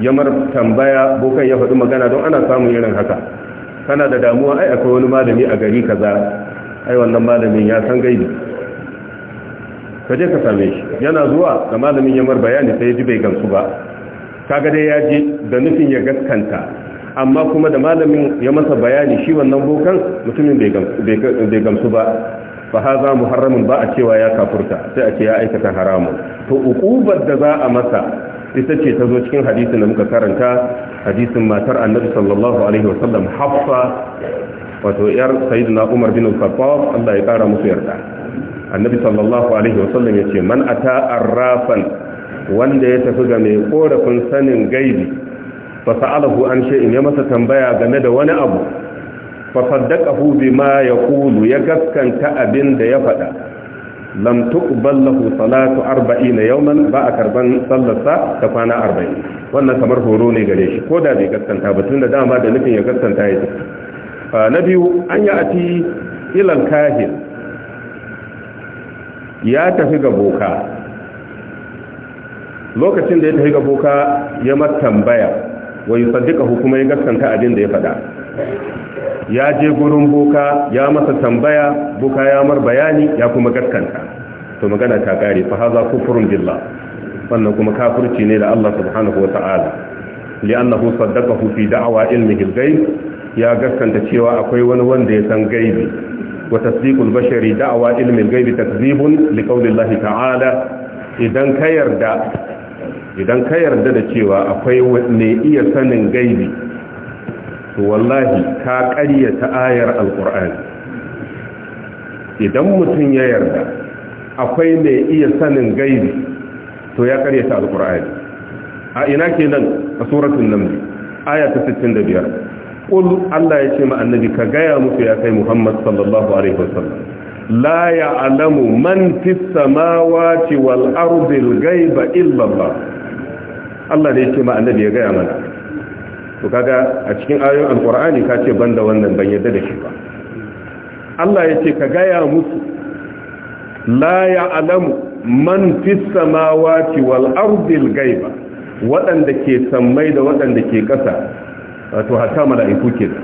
ya mar tambaya bokan ya faɗi magana don ana samun irin haka kana da damuwa ai akwai wani malami a gari kaza ai wannan malamin ya san gaibi ka je ka same shi yana zuwa da malamin mar bayani sai ji bai gamsu ba kaga dai ya ji da nufin ya gaskanta amma kuma da malamin ya masa bayani shi wannan bokan mutumin bai gamsu ba fa haza muharramin ba a cewa ya kafurta sai a ce ya aikata haramun to ukubar da za a masa ita ce ta zo cikin hadisin da muka karanta hadisin matar annabi sallallahu alaihi sallam haffa wato yar sayyidina umar bin al-khattab Allah ya kara musu yarda annabi sallallahu alaihi wasallam yace man ata arrafan wanda ya tafi ga mai korafin sanin gaibi fa sa'alahu an shay'in ya masa tambaya game da wani abu fa saddaqahu bima yaqulu ya gaskanta abin da ya faɗa lam tuqbal lahu salatu 40 yawman ba a karban sallarsa ta kwana 40 wannan kamar horo ne gare shi ko da bai gaskanta ba tunda dama da nufin ya gaskanta ya na biyu an ya ati ilal kahir ya tafi ga boka lokacin da ya tafi ga boka ya tambaya wa yusaddiqahu kuma ya gaskanta abin da ya faɗa ya je gurin boka ya masa tambaya boka ya mar bayani ya kuma gaskanta to magana ta kare fa haza kufrun billah wannan kuma kafirci ne da Allah subhanahu wata'ala li'annahu saddaqahu fi da'wa ilmihi al-ghaib ya gaskanta cewa akwai wani wanda ya san gaibi wa tasdiqul bashari da'wa ilmi al-ghaib takdhibun liqawli Allah ta'ala idan ka yarda idan ka yarda da cewa akwai wanda iya sanin gaibi to wallahi ka ƙaryata ayar alƙur'ani idan mutum ya yarda akwai mai iya sanin gaibi to ya ƙaryata alƙur'ani a ina ke nan a suratun naml aya ta biyar. ƙul Allah ya ce ma annabi ka gaya musu ya kai Muhammad sallallahu alaihi wasallam لا يعلم من في السماوات والأرض الغيب إلا الله الله ne yake ma annabi ya gaya mana to kaga a cikin ayoyin alkur'ani ka ce banda wannan ban yadda da shi ba Allah yace ce ka gaya musu la ya'lamu man fis samawati wal ardi al ghaiba waɗanda ke sammai da waɗanda ke ƙasa wato hatta mala'iku da.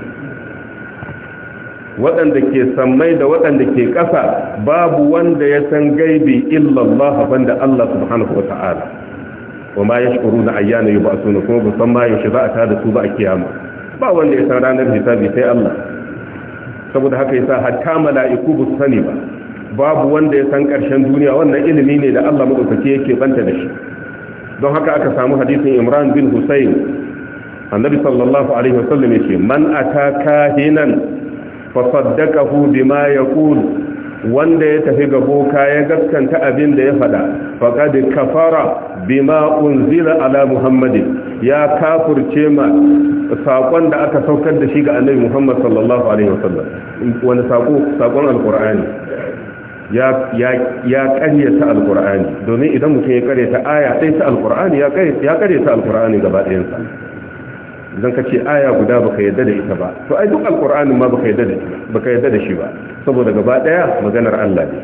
waɗanda ke sammai da waɗanda ke ƙasa babu wanda ya san gaibi Allah banda Allah subhanahu wa ta'ala wa ma yashkuruna ayyana yub'athuna kuma ba san ma yaushe za a tada su ba a kiyama ba wanda ya san ranar hisabi sai Allah saboda haka yasa hatta mala'iku ba su sani ba babu wanda ya san karshen duniya wannan ilimi ne da Allah madaukake yake banta da shi don haka aka samu hadisin Imran bin Husayn annabi sallallahu alaihi wasallam yace man ataka hinan fa saddaqahu bima yaqulu wanda ya tafi ga boka ya gaskanta abin da ya faɗa faqad kafara bima unzila ala muhammadin ya kafurce ma sakon da aka saukar da shi ga annabi muhammad sallallahu alaihi wasallam wani sako sakon alqur'ani ya ya ya ƙaryata alqur'ani domin idan mutum ya ƙaryata aya ɗaya ta alqur'ani ya ƙaryata alqur'ani gaba ɗayansa idan ka ce aya guda baka yadda da ita ba to ai duk alqur'anin ma baka yadda da baka yadda da shi ba saboda gaba daya maganar Allah ne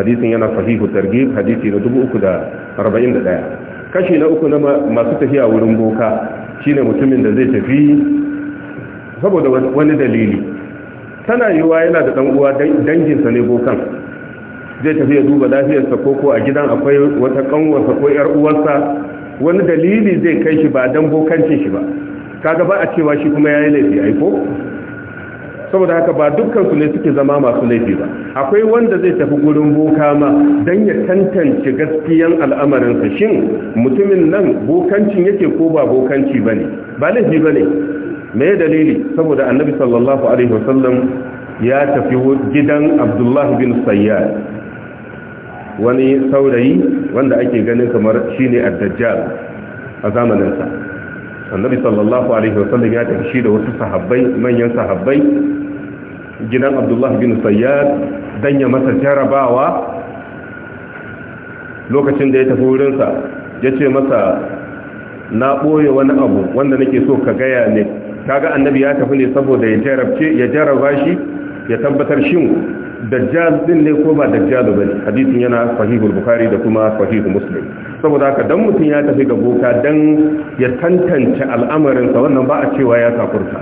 hadisin yana sahihu targhib hadisi na 341 kashi na uku na masu tafiya wurin boka shine mutumin da zai tafi saboda wani dalili tana yiwa yana da dan uwa danginsa ne bokan zai tafi ya duba lafiyarsa ko ko a gidan akwai wata kanwarsa ko yar uwarsa wani dalili zai kai shi ba dan bokancin shi ba kaga ba a cewa shi kuma yayi laifi ai ko saboda haka ba dukkan su ne suke zama masu laifi ba akwai wanda zai tafi gurin boka ma dan ya tantance gaskiyan al'amarinsa shin mutumin nan bokancin yake ko ba bokanci bane ba laifi bane me ya dalili saboda annabi sallallahu alaihi wasallam ya tafi gidan abdullah bin sayyad wani saurayi wanda ake ganin kamar shine ad-dajjal a zamaninsa annabi sallallahu alaihi wasallam ya tafi shi da wasu sahabbai manyan sahabbai gidan abdullahi bin sayyad dan ya masa jarabawa lokacin da ya tafi wurinsa ya ce masa na ɓoye wani abu wanda nake so ka gaya ne kaga annabi ya tafi ne saboda ya jarabce ya jaraba shi ya tabbatar shin dajjal din ne ko ba dajjal ba hadisin yana sahihul bukhari da kuma sahihul muslim saboda haka dan mutum ya tafi ga boka dan ya tantance al'amarin sa wannan ba a cewa ya takurta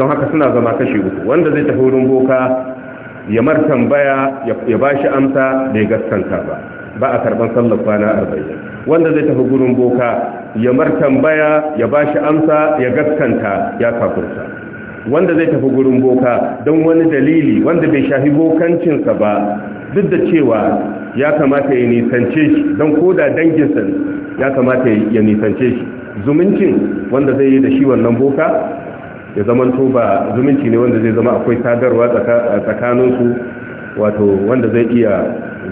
don haka suna zama kashi uku wanda zai tafi wurin boka ya martan baya ya bashi amsa bai gaskanta ba ba a karban sallar kwana 40 wanda zai tafi gurin boka ya martan baya ya bashi amsa ya gaskanta ya takurta wanda zai tafi gurin boka don wani dalili wanda bai shafi bokancinsa ba duk da cewa ya kamata ya nisance shi don koda danginsa ya kamata ya nisance shi zumuncin wanda zai yi da shi wannan boka ya zama to ba zumunci ne wanda zai zama akwai sadarwa tsakaninsu wato wanda zai iya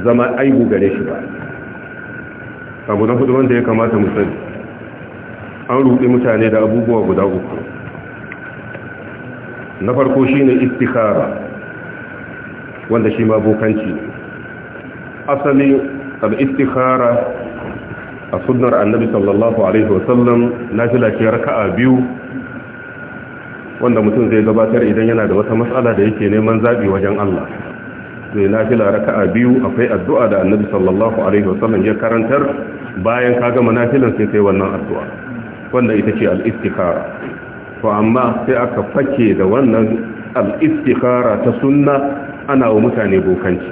zama aibu gare shi ba abu na hudu wanda ya kamata mu an ruɗe mutane da abubuwa guda uku na farko shine istikhara wanda shi ma bokanci asali al-istikhara a sunnar annabi sallallahu alaihi wasallam nafila ce raka'a biyu wanda mutum zai gabatar idan yana da wata matsala da yake neman zaɓi wajen Allah zai nafila raka'a biyu akwai addu'a da annabi sallallahu alaihi wasallam ya karantar bayan ka gama nafilan sai kai wannan addu'a wanda ita ce al-istikhara to amma sai aka fake da wannan al'istikara ta sunna ana wa mutane bokanci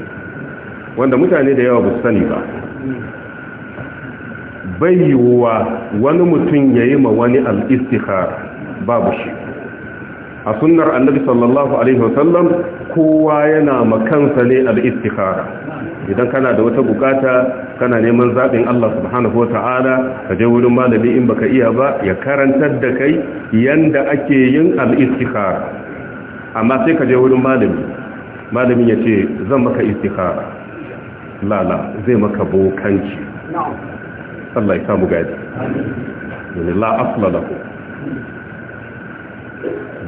wanda mutane da yawa ba su sani ba bayyuwa wani mutum yayi ma wani al babu shi a sunnar annabi sallallahu alaihi wasallam kowa yana makansa ne al idan kana da wata bukata kana neman zaɓin Allah subhanahu ta'ala, ka je wurin malami in baka iya ba ya karantar da kai yanda ake yin al-istikhara amma sai ka je wurin malami malamin ya ce zan maka istikara, lala zai maka bokanci Allah ya samu gadi la asla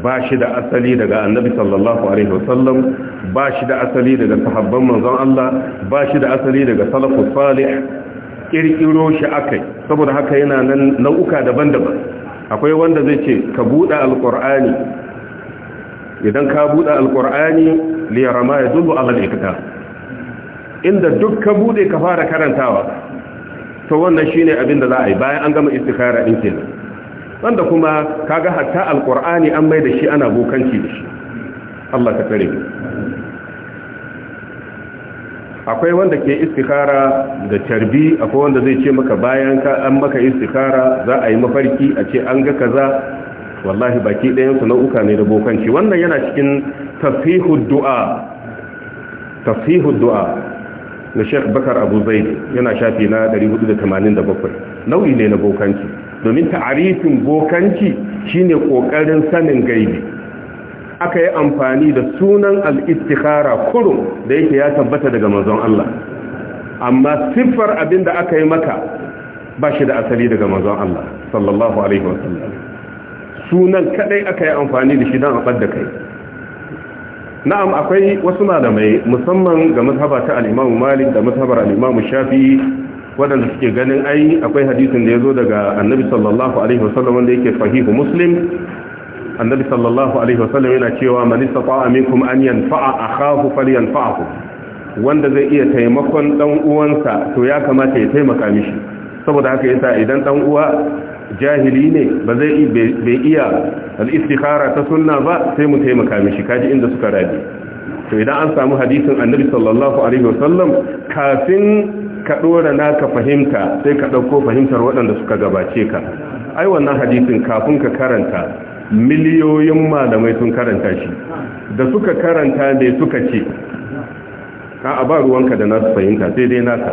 ba shi da asali daga annabi sallallahu alaihi wasallam ba shi da asali daga sahabban manzon Allah ba shi da asali daga salafus salih kirkiro shi akai saboda haka yana nan nau'uka daban-daban akwai wanda zai ce ka buɗe alqur'ani idan ka buɗe alqur'ani li yarama yadullu ala al-ikta inda duk ka buɗe ka fara karantawa to wannan shine abin da za a yi bayan an gama istikhara din kenan wanda kuma kaga hatta alkur'ani an mai da shi ana bokanci da shi Allah ka tare akwai wanda ke istikara da tarbi akwai wanda zai ce maka bayan ka an maka istikara za a yi mafarki a ce an ga kaza wallahi baki ɗayan su nau'uka ne da bokanci wannan yana cikin tafihud du'a tafihud du'a na Sheikh Bakar Abu Zaid yana shafi na 487 nau'i ne na bokanci domin ta'arifin bokanci shine ƙoƙarin sanin gaibi aka yi amfani da sunan al-istikhara kurum da yake ya tabbata daga manzon Allah amma siffar da aka yi maka ba shi da asali daga manzon Allah sallallahu alaihi wasallam sunan kaɗai aka yi amfani da shi don a da kai na'am akwai wasu malamai musamman ga mazhaba ta al-Imam Malik da mazhabar al-Imam Shafi'i waɗanda suke ganin ai akwai hadisin da ya zo daga annabi sallallahu alaihi wasallam wanda yake fahihu muslim annabi sallallahu alaihi wasallam yana cewa man istata'a minkum an yanfa'a akhahu falyanfa'hu wanda zai iya taimakon dan uwansa to ya kamata ya taimaka mishi saboda haka yasa idan dan uwa jahili ne ba zai iya al-istikhara ta sunna ba sai mu taimaka mishi kaji inda suka rabi to idan an samu hadisin annabi sallallahu alaihi wasallam kafin ka dora naka fahimta sai ka dauko fahimtar waɗanda suka gabace ka ai wannan hadisin kafin ka karanta miliyoyin malamai sun karanta shi da suka karanta ne suka ce ka a ba ruwanka da nasu fahimta sai dai naka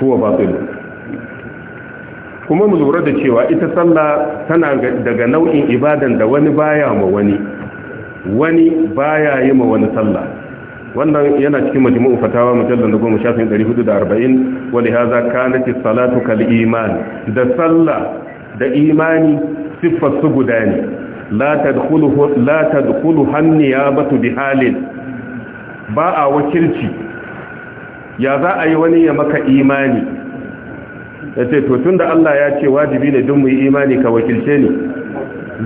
kuwa su kuma mu lura da cewa ita sallah tana daga nau'in ibadan da wani baya ma wani wani baya yi ma wani sallah wannan yana cikin majmu'u fatawa mujallal na goma shafin 440 wali haza kanati salatu kal iman da sallah da imani siffar su guda ne la tadkhulu la tadkhulu bi halin. ba a wakilci ya za a yi wani ya maka imani ya ce to tun da Allah ya ce wajibi ne dun mu yi imani ka wakilce ni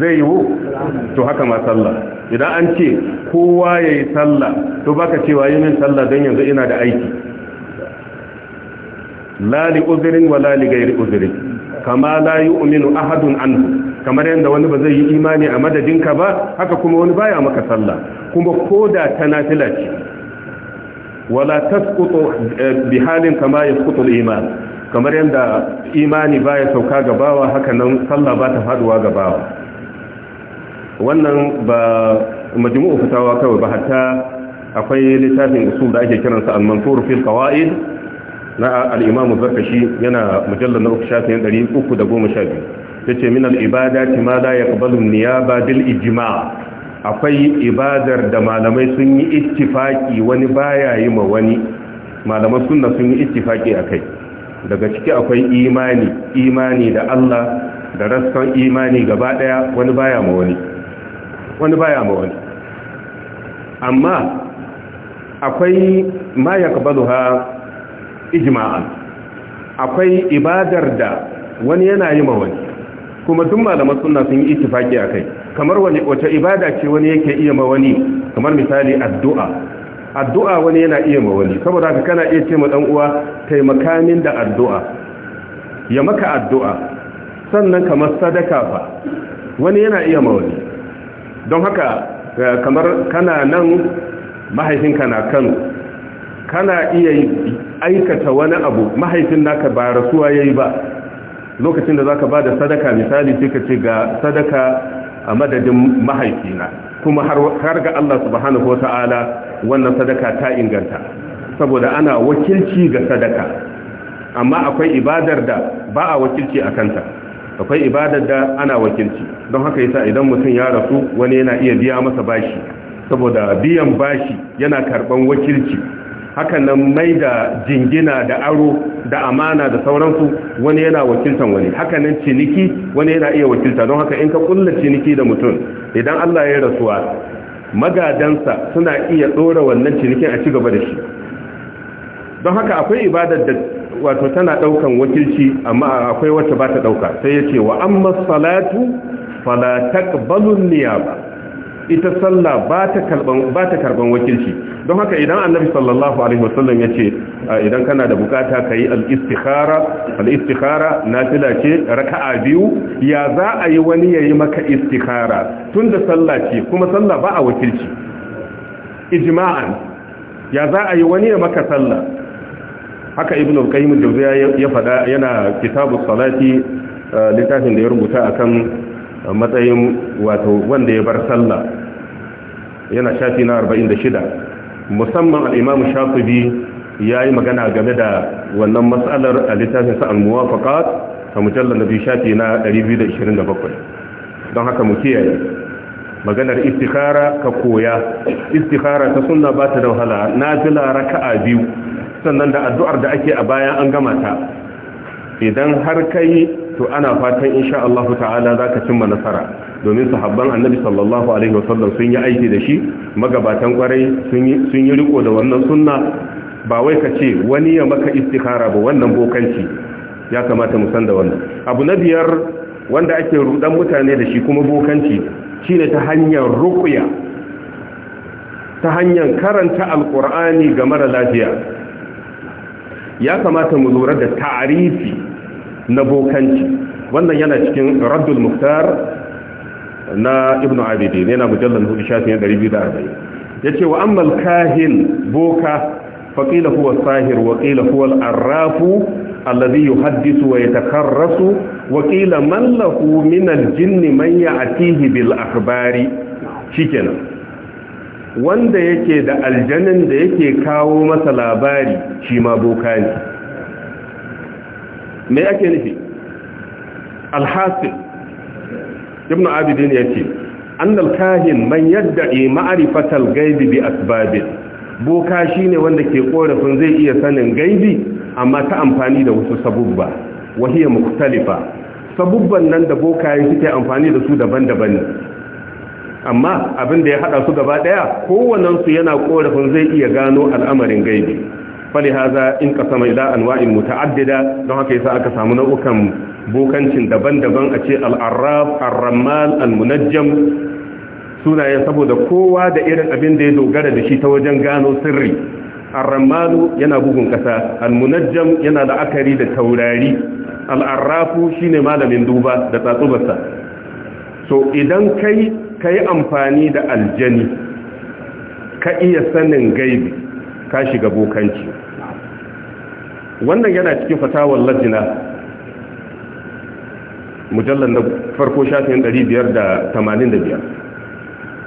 zai yiwu to haka ma sallah idan an ce kowa ya yi sallah to baka cewa yi min sallah don yanzu ina da aiki lali uzirin wa lali gairi uzirin kama la uminu ahadun anhu kamar yadda wani ba zai yi imani a madadinka ba haka kuma wani baya maka sallah kuma ko da ta nafila ce wala tasqutu eh, bi halin kama ya iman kamar yadda imani baya sauka gabawa, haka nan sallah ba ta faduwa gabawa. wannan ba majmu'u fatawa kawai ba hatta akwai littafin usul da ake kiransa al-mansur fil qawaid na al-imam zarkashi yana mujallal na shafin 312 yace min al-ibadati ma la yaqbalu niyaba bil ijma' akwai ibadar da malamai sun yi ittifaki wani baya yi ma wani malaman sunna sun yi ittifaki akai daga ciki akwai imani imani da Allah da rassan imani gaba daya wani baya ma wani wani baya ma wani amma akwai ma ya kabaluha ijima'a, akwai ibadar da wani yana yi ma wani kuma duk malamai suna sun yi a kai. kamar wani wace ibada ce wani yake iya ma wani kamar misali addu'a addu'a wani yana iya ma wani saboda haka kana iya ce ma dan uwa taimaka min da addu'a ya maka addu'a sannan kamar sadaka fa wani yana iya ma wani don haka eh, kamar kana nan mahaifinka na kano kana iya aikata wani abu mahaifin naka ba rasuwa yayi ba lokacin da zaka bada sadaka misali sai ka ce ga sadaka a madadin mahaifina kuma har ga Allah subhanahu wata'ala wannan sadaka ta inganta saboda ana wakilci ga sadaka amma akwai ibadar da ba a wakilci a kanta akwai ibadar da ana wakilci don haka yasa idan mutum ya rasu wani yana iya biya masa bashi saboda biyan bashi yana karban wakilci hakan nan mai da jingina da aro da amana da sauransu wani yana wakiltan wani hakanan nan ciniki wani yana iya wakilta don haka in ka kulla ciniki da mutum idan Allah ya rasuwa magadansa suna iya dora wannan cinikin a ci gaba da shi don haka akwai ibadar da wato tana daukan wakilci amma akwai wacce ba ta dauka sai ya ce wa amma salatu fala niyaba ita sallah ba ta karban wakilci don haka idan annabi sallallahu alaihi wasallam yace idan kana da bukata ka yi istikhara al-istikhara ce raka'a biyu ya za a yi wani yi maka istikhara tunda sallah ce kuma sallah ba a wakilci Ijima'an ya za a yi wani ya maka sallah haka ibn al-qayyim al-jawziya ya fada yana kitabus salati eh, littafin da ya rubuta akan eh, matsayin wato wanda ya bar sallah yana shafi na 46 musamman al-imam ya yi magana game da wannan matsalar a littafin sa al-muwafaqat a mujallar nabi shafi na 227 don haka mu kiyaye maganar istikhara ka koya istikhara ta sunna ba ta da wahala nafila raka'a biyu sannan da addu'ar da ake a bayan an gama ta idan har kai to ana fatan insha Allah ta'ala za ka cimma nasara domin sahabban annabi sallallahu alaihi wasallam sun yi aiki da shi magabatan kwarai sun yi riko da wannan sunna ba wai ka ce wani ya maka istikhara ba wannan bokanci ya kamata mu san da wannan abu na biyar wanda ake rudan mutane da shi kuma bokanci shine ta hanyar ruqya ta hanyar karanta alqur'ani ga mara lafiya ya kamata mu lura da tarifi na bokanci wannan yana cikin raddul muftar na ibnu abidi Yana na mujallar hudu shafiyar ɗari biyu da arba'in ya ce wa ammal kahin boka faƙila kuwa sahir waƙila kuwa arrafu allazi yuhaddisu wa yatakarrasu waƙila mallaku lahu min al-jinni man ya'tihi bil akhbari shikenan wanda yake da aljanin da yake kawo masa labari shi ma boka ne me ake nufi alhasil ibn abidin ya ce An dalkahin man yadda a ma'arifatar gaibi bi asbabin boka shi ne wanda ke korafin zai iya sanin gaibi amma ta amfani da wasu sabubba wahiyar muktalifa sabubban nan da bokaye suke amfani da su daban-daban ne amma abin da ya hada su gaba daya kowannen su yana korafin zai iya gano al'amarin gaibi fali haza in kasama ila anwa'in muta'addida don haka yasa aka samu nau'ukan bokancin daban-daban a ce al-arraf ar-rammal al-munajjam sunayen saboda kowa da irin abin da ya dogara da shi ta wajen gano sirri arramalu yana bugun kasa almunajjam yana la'akari da taurari al-arrafu shine malamin duba da tsatsubarsa so idan kai ka yi amfani da aljani ka iya sanin gaibi ka shiga bokanci wannan yana cikin fatawar lajina mujallar na farko shafin 585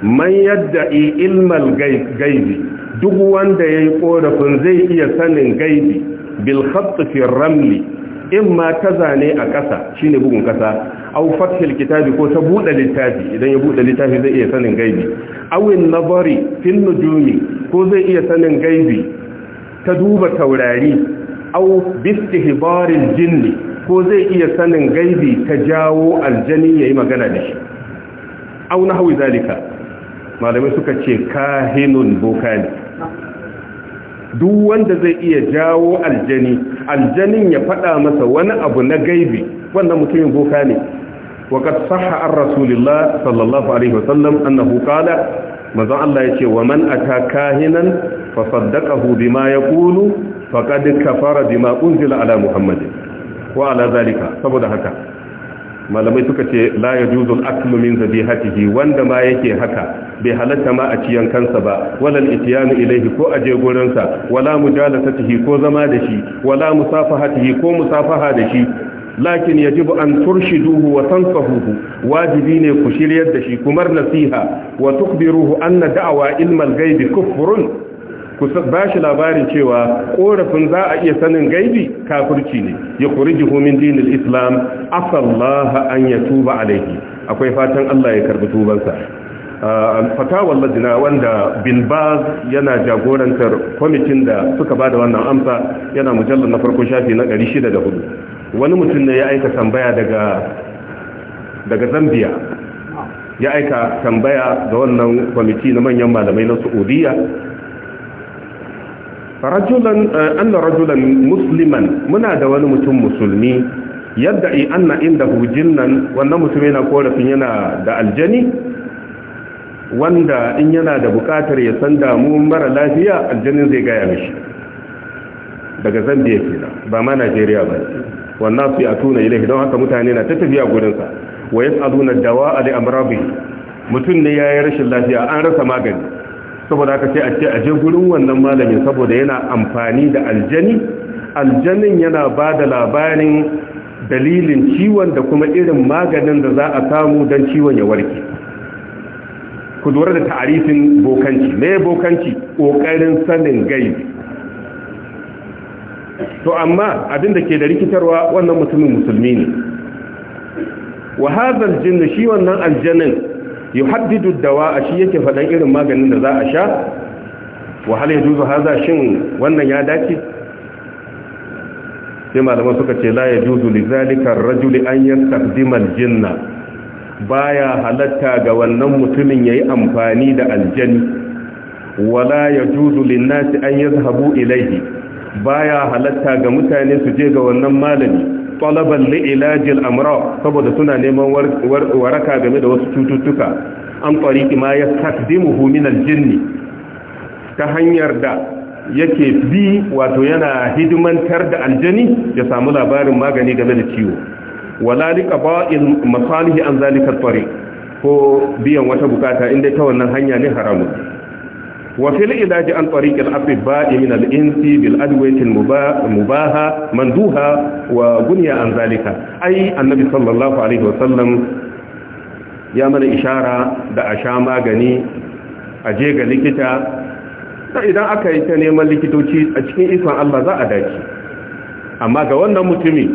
man yadda ilmal gaibi duk wanda ya yi korafin zai iya sanin gaibi bilhattafin ramli in ma ta zane a ƙasa shine bugun ƙasa au fathil kitabi ko ta buɗe littafi idan ya buɗe littafi zai iya sanin gaibi aw in nazari fil nujumi ko zai iya sanin gaibi ta duba taurari aw bi al jinni ko zai iya sanin gaibi ta jawo aljani yayi magana da shi aw nahwi zalika malamai suka ce kahinun bukani duk wanda zai iya jawo aljani aljanin ya faɗa masa wani abu na gaibi wanda mutumin boka ne waka saha an rasulillah sallallahu alaihi wasallam annahu qala manzon Allah ya ce wa man ata kahinan fa saddaqahu bima yaqulu faqad kafara bima unzila ala muhammadin wa ala zalika saboda haka malamai suka ce la yajuzu al-aklu min zabihatihi wanda ma yake haka bai halatta ma a ciyan kansa ba walal ityanu ilayhi ko aje gurin sa wala mujalasatihi ko zama da shi wala musafahatihi ko musafaha da shi lakin yajibu an turshiduhu wa tansahuhu wajibi ne ku shiryar da shi kumar nasiha wa tukbiruhu anna da'wa ilmal ghaibi kufrun ku ba shi labarin cewa korafin za a iya sanin gaibi kafirci ne ya kurji homin dinin islam asallaha an ya tuba alaihi akwai fatan allah ya karbi tubansa ah, fatawar lajina wanda bin yana jagorantar kwamitin da suka ba da wannan amsa yana mujallar na farko shafi na 604 wani mutum ne ya aika tambaya daga zambia ya aika tambaya ga wannan kwamiti na manyan malamai na saudiya rajulan eh, anna rajulan musliman muna da wani mutum musulmi yadda i anna hujin nan. wannan mutum yana korafin yana da aljani wanda in yana da bukatar ya san damu mara lafiya aljanin zai gaya mishi daga zambia kenan ba ma najeriya ba wannan su ya tuna ilai don haka mutane na ta tafiya gurinsa wa dawa dawa Ali amradihi mutum ne yayi rashin lafiya an rasa magani saboda aka ce a ce a je gurin wannan malamin saboda yana amfani da aljani aljanin yana ba da labarin dalilin ciwon da kuma irin maganin da za a samu don ciwon ya warke ku lura da ta'arifin bokanci me bokanci kokarin sanin gaibi to amma abin da ke da rikitarwa wannan mutumin musulmi ne wa hadha aljinn shi wannan aljannin yuhaddidu dawa shi yake faɗan irin maganin da za a sha wa hal yajuzu hadha shin wannan ya dace sai malaman suka ce la yajuzu lizalika ar-rajuli an yastaqdima al-jinna baya halatta ga wannan mutumin yayi amfani da aljani wala yajuzu lin-nasi an yadhhabu ilayhi baya halatta ga mutane su je ga wannan malami talaban li ilajil amra saboda suna neman waraka game da wasu cututtuka an tariqi ma yastakdimuhu min aljinn ta hanyar da yake bi wato yana hidimantar da aljani ya samu labarin magani game da ciwo wala ba'in masalih an zalika tariq ko biyan wata bukata inda ta wannan hanya ne haramun وفي العلاج عن طريق الأطباء من الإنس بالأدوية المباهة مندوها وبني عن ذلك أي النبي صلى الله عليه وسلم يا من إشارة دا أشاما غني أجيغ لكتا إذا أكيت نيما لكتوشي أشكي إسان الله ذا أداكي أما قوانا متمي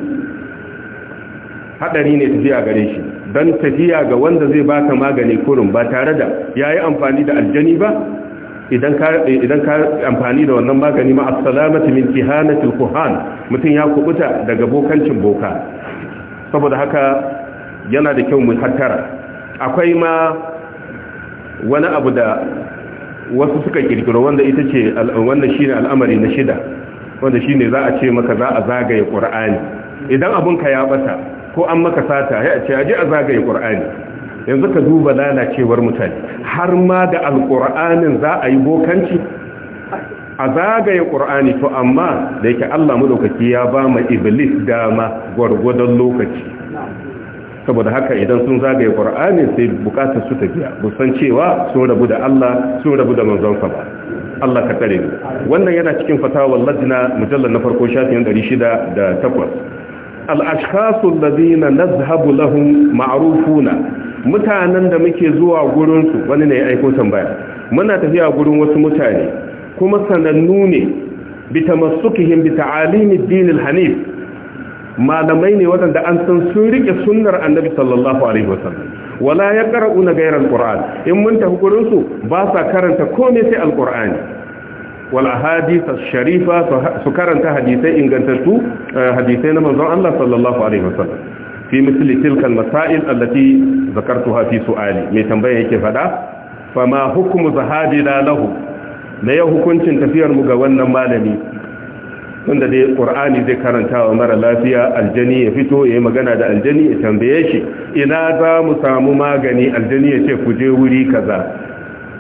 haɗari ne tafiya gare shi don tafiya ga wanda zai baka magani kurum ba tare da ya yi amfani da aljani ba idan ka idan amfani da wannan magani ma min kihanatil kuhan mutum ya kubuta daga bokancin boka saboda haka yana da kyau mu hattara akwai ma wani abu da wasu suka kirkiro wanda ita ce wannan shine al'amari na shida wanda shine za a ce maka za a zagaye qur'ani idan abun ka ya bata ko an maka sata ya ce aje a zagaye qur'ani yanzu ka duba lalacewar mutane har ma da alƙur'anin za a yi bokanci a zagaye ƙur'ani to amma da yake Allah madaukaki ya ba ma iblis dama gwargwadon lokaci saboda haka idan sun zagaye ƙur'ani sai bukatar su tafiya busan cewa sun rabu da Allah sun rabu da manzonsa ba Allah ka tare ni wannan yana cikin fatawar lajna mujallar na farko shafin 608 al-ashkhasu alladhina nazhabu lahum ma'rufuna mutanen da muke zuwa gurinsu wani ne ya aiko tambaya muna tafiya gurin wasu mutane kuma sanannu ne bi tamassukihim bita ta'alimid dinil hanif malamai ne waɗanda an san sun riƙe sunnar annabi sallallahu alaihi wasallam wala yaqra'una ghayra alquran in mun tafi gurinsu ba sa karanta komai sai alqurani wal ahadisa sharifa su karanta hadisai ingantattu eh, hadisai na manzon Allah sallallahu alaihi wasallam fi misali tilkal masail allati zakartuha fi su'ali mai tambaya yake fada fama hukumu la lahu da ya hukuncin tafiyar mu ga wannan malami tunda dai qur'ani zai karanta wa mara lafiya aljani ya fito yayi magana da aljani ya tambaye shi ina za mu samu magani aljani ya ce ku je wuri kaza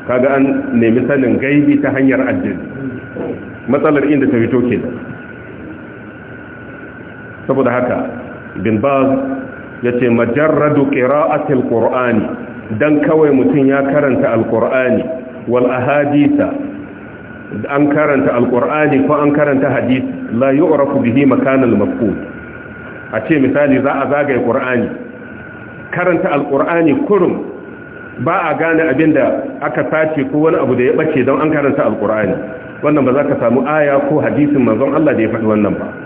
kaga an nemi sanin gaibi ta hanyar aljani matsalar inda ta fito kenan saboda haka bin baz ya ce majarradu ƙira'atul qur'ani don kawai mutum ya karanta alƙur'ani wal ahadisa an karanta alƙur'ani ko an karanta hadisi la yu'rafu bihi makanal mafkud a ce misali za a zagaye ƙur'ani karanta alƙur'ani kurum ba a gane abin da aka sace ko wani abu da ya ɓace don an karanta alkur'ani wannan ba za ka samu aya ko hadisin manzon Allah da ya faɗi wannan ba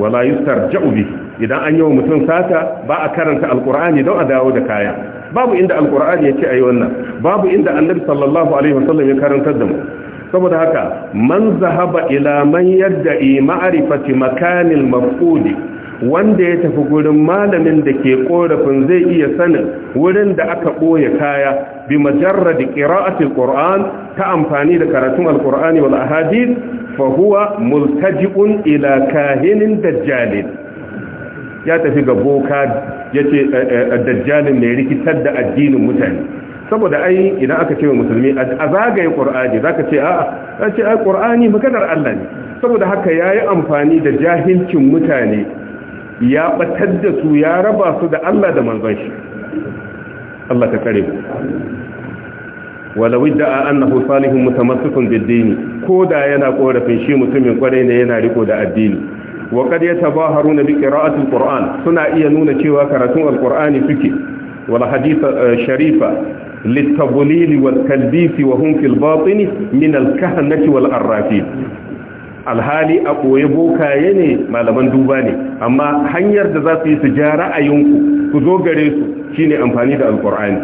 wala yustarja'u bi idan an yi wa mutum sata ba a karanta Alƙur'ani don a dawo da kaya babu inda ce a yi wannan babu inda annabi sallallahu alaihi wasallam ya karantar da mu saboda haka man zahaba ila man i ma'arifati makanil maf'udi wanda ya tafi gurin malamin da ke korafin zai iya sanin wurin da aka ɓoye kaya bi majarradi ƙira'atul alquran ta amfani da karatun alqurani wal ahadith fa huwa multaji'un ila kahinin dajjalin ya tafi ga boka yace eh, eh, eh, dajjalin mai rikitar da addinin mutane saboda ai idan aka ce wa musulmi a zagaye za ka ce a'a ce ai qur'ani maganar Allah ne saboda haka ya yi amfani da jahilcin mutane ya ɓatar da su ya raba su da Allah da manzon shi Allah ta kare ku. walau da'a annahu salihun mutamassikun bid ko da yana korafin shi mutumin kwarai ne yana riko da addini wa ya yatabaharuna bi qira'ati al-Qur'an suna iya nuna cewa karatun al suke wala hadith eh, sharifa للتبليل والتلبيس min في الباطن من الكهنة arrafi. alhali a koye bokaye ne malaman duba ne amma hanyar da za su yi su ja ra'ayinku ku zo gare su shine amfani da alqur'ani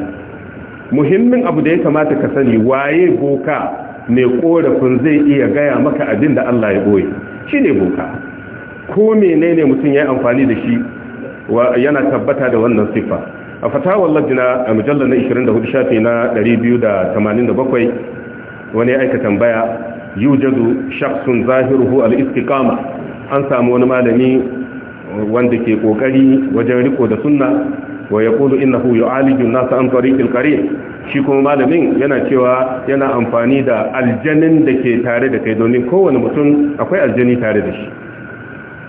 muhimmin abu da ya kamata ka sani waye boka mai korafin zai iya gaya maka abin da Allah ya boye shine boka ko menene mutum ya yi amfani da shi yana tabbata da wannan siffa. a fatawar lajina a mujallar na 24 shafi na 287 wani aika tambaya yujadu shakhsun zahiruhu al-istiqama an samu wani malami wanda ke kokari wajen riko da sunna wa yaqulu innahu yu'aliju an-nas an tariqil kare. shi kuma malamin yana cewa yana amfani da aljanin da ke tare da kai domin kowane mutum akwai aljani tare da shi